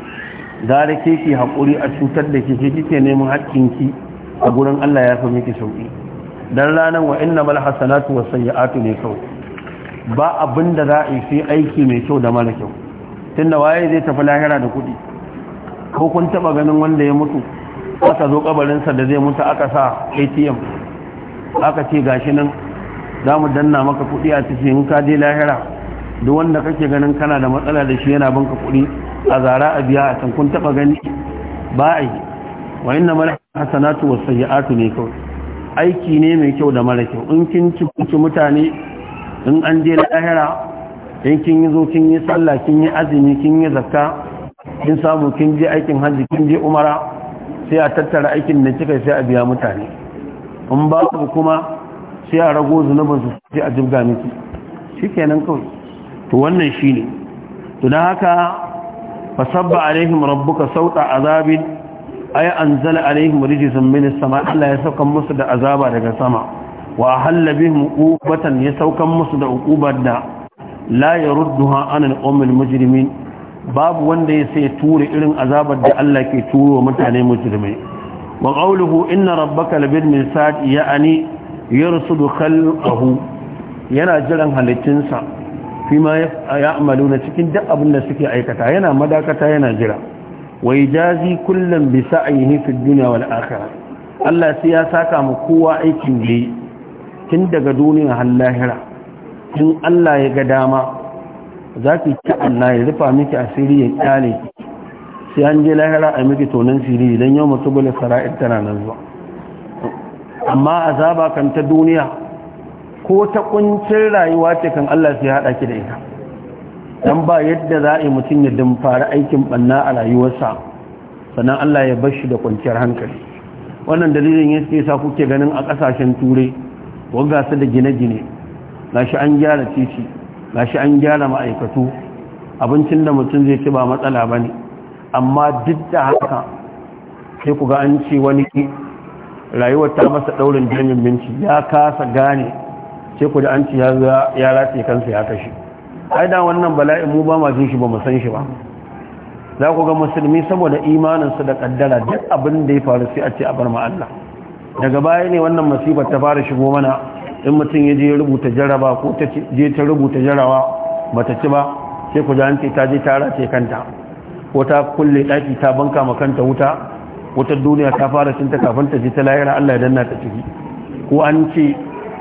gara ke ki haƙuri a cutar da ke kike neman haƙƙin ki a gurin Allah ya fi miki sauki dan ranar wa innamal hasanatu was sayyi'atu ne kawai ba abin da za a yi sai aiki mai kyau da mara kyau tun da waye zai tafi lahira da kuɗi ko kun taba ganin wanda ya mutu aka zo kabarinsa da zai mutu aka sa atm aka ce gashi nan za mu danna maka kuɗi a cikin in ka je lahira duk wanda kake ganin kana da matsala da shi yana banka kuɗi a zara a biya a can kun taɓa gani ba a yi wa inna mara hasanatu wasu ne kawai aiki ne mai kyau da mara kyau in kin ci mutane in an je lahira in kin yi zo kin yi sallah kin yi azumi kin yi zakka kin samu kin je aikin hajji kin je umara sai a tattara aikin da kika sai a biya mutane in ba ku kuma sai a rago zunubin su sai a jibga miki shikenan kawai to wannan shine to dan haka fasabba alaihim rabbuka sauta azabin ay anzala alaihim rijzan min as-sama Allah ya sauka musu da azaba daga sama wa halla bihim ya saukan musu da uqubar da la yarudduha anan ummil mujrimin babu wanda ya sai ture irin azabar da Allah ke turo mutane mujrimai wa qawluhu inna rabbaka labil mirsad ya'ani yarsudu khalqahu yana jiran halittinsa fima ya'maluna cikin duk abin da suke aikata yana madakata yana jira wai jazi kullum bi sa'ayihi fi dunya wal akhirah Allah sai ya saka mu kowa aikin da tun daga duniya har lahira tun Allah ya ga dama za ki ci Allah ya rufa miki asiri ya kyale sai an je lahira a miki tonan siri idan yau mutu bula sara'ir tana nan zuwa amma azaba kan ta duniya ko ta kuncin rayuwa ce kan Allah sai haɗa ki da ita dan ba yadda za a mutum ya fara aikin banna a rayuwarsa sannan Allah ya bar shi da kwanciyar hankali wannan dalilin yake sa kuke ganin a kasashen turai wanga su da gine-gine shi an gyara titi shi an gyara ma'aikatu abincin da mutum zai ci ba matsala ba ne amma duk da haka sai ku ga an ce wani rayuwar ta masa ɗaurin jirgin binci ya kasa gane sai ku da an ce ya ratse kansa ya kashi ai da wannan bala'in mu ba ma jin shi ba mu san shi ba za ku ga musulmi saboda imaninsu da kaddara duk abin da ya faru sai a ce a bar ma Allah daga baya ne wannan masifar ta fara shigo mana in mutum ya je rubuta jaraba ko ta je ta rubuta jarawa bata ci ba sai ku ji ta je ta ce kanta ko ta kulle daki ta banka ma kanta wuta wutar duniya ta fara cin ta kafin ta je ta layira Allah ya danna ta ciki ko an ce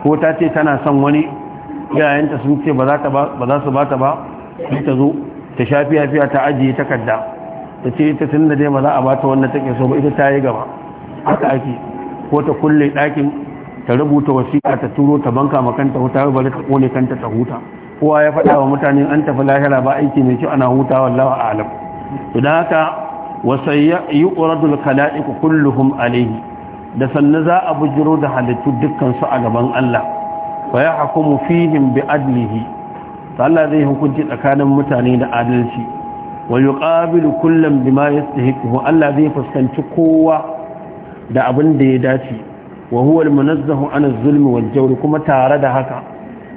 ko ta ce tana son wani yayanta sun ce ba za su ba ta ba sai ta zo ta shafi yafiya ta ajiye takarda ta ce ita tun da dai ba za a ba ta wannan take so ba ita ta yi gaba haka ake ko ta kulle ɗakin ta rubuta wasiƙa ta turo ta banka makanta huta bari ta kone kanta ta huta kowa ya faɗa wa mutane an tafi lahira ba aiki mai kyau ana huta lawa a alam to da haka wasayya yi ƙuradul kala'iku kulluhum alaihi da sannu za a bujiro da halittu dukkansu a gaban Allah fa ya hakumu fihim bi adlihi ta Allah zai hukunci tsakanin mutane da adalci wa yuqabilu kullam bima yastahiqu Allah zai fuskanci kowa da abin da ya dace wa huwa munazzahu an az-zulmi wal jawr kuma tare da haka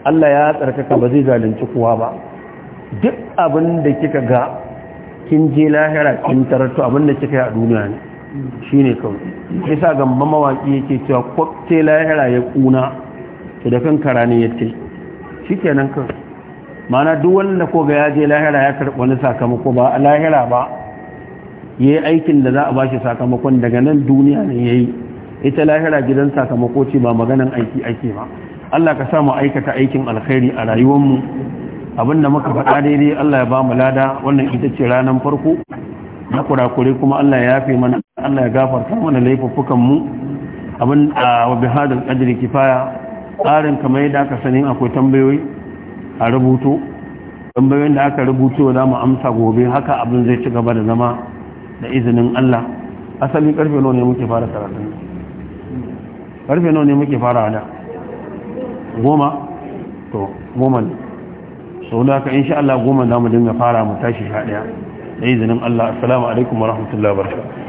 Allah ya tsarkaka ba zai zalunci kowa ba duk abin da kika ga kin je lahira kin tarato abin da kika yi a duniya ne shine kawai yasa ga mawaki yake cewa te lahira ya kuna to da kanka rani yace shikenan kawai mana duk wanda ko ga ya je lahira ya karɓi wani sakamako ba lahira ba ya yi aikin da za a bashi sakamakon daga nan duniya ne ya yi ita lahira gidan sakamako ce ba maganan aiki ake ba Allah ka samu aikata aikin alkhairi a mu abinda muka faɗa daidai Allah ya ba mu lada wannan ita ce ranar farko na kurakure kuma Allah ya yafe mana Allah ya gafarta mana laifuffukan mu abin a wabi hadal kifaya tsarin kamar yadda aka sanin akwai tambayoyi a rubuto tambayoyin da aka rubuto za mu amsa gobe haka abin zai ci gaba da zama da izinin Allah asali karfe nawa ne muke fara karatun karfe nawa ne muke fara da goma to goma ne sau da haka insha Allah goma damu dinga fara mu tashi sha daya da izinin Allah assalamu alaikum wa rahmatullahi wa barakatuh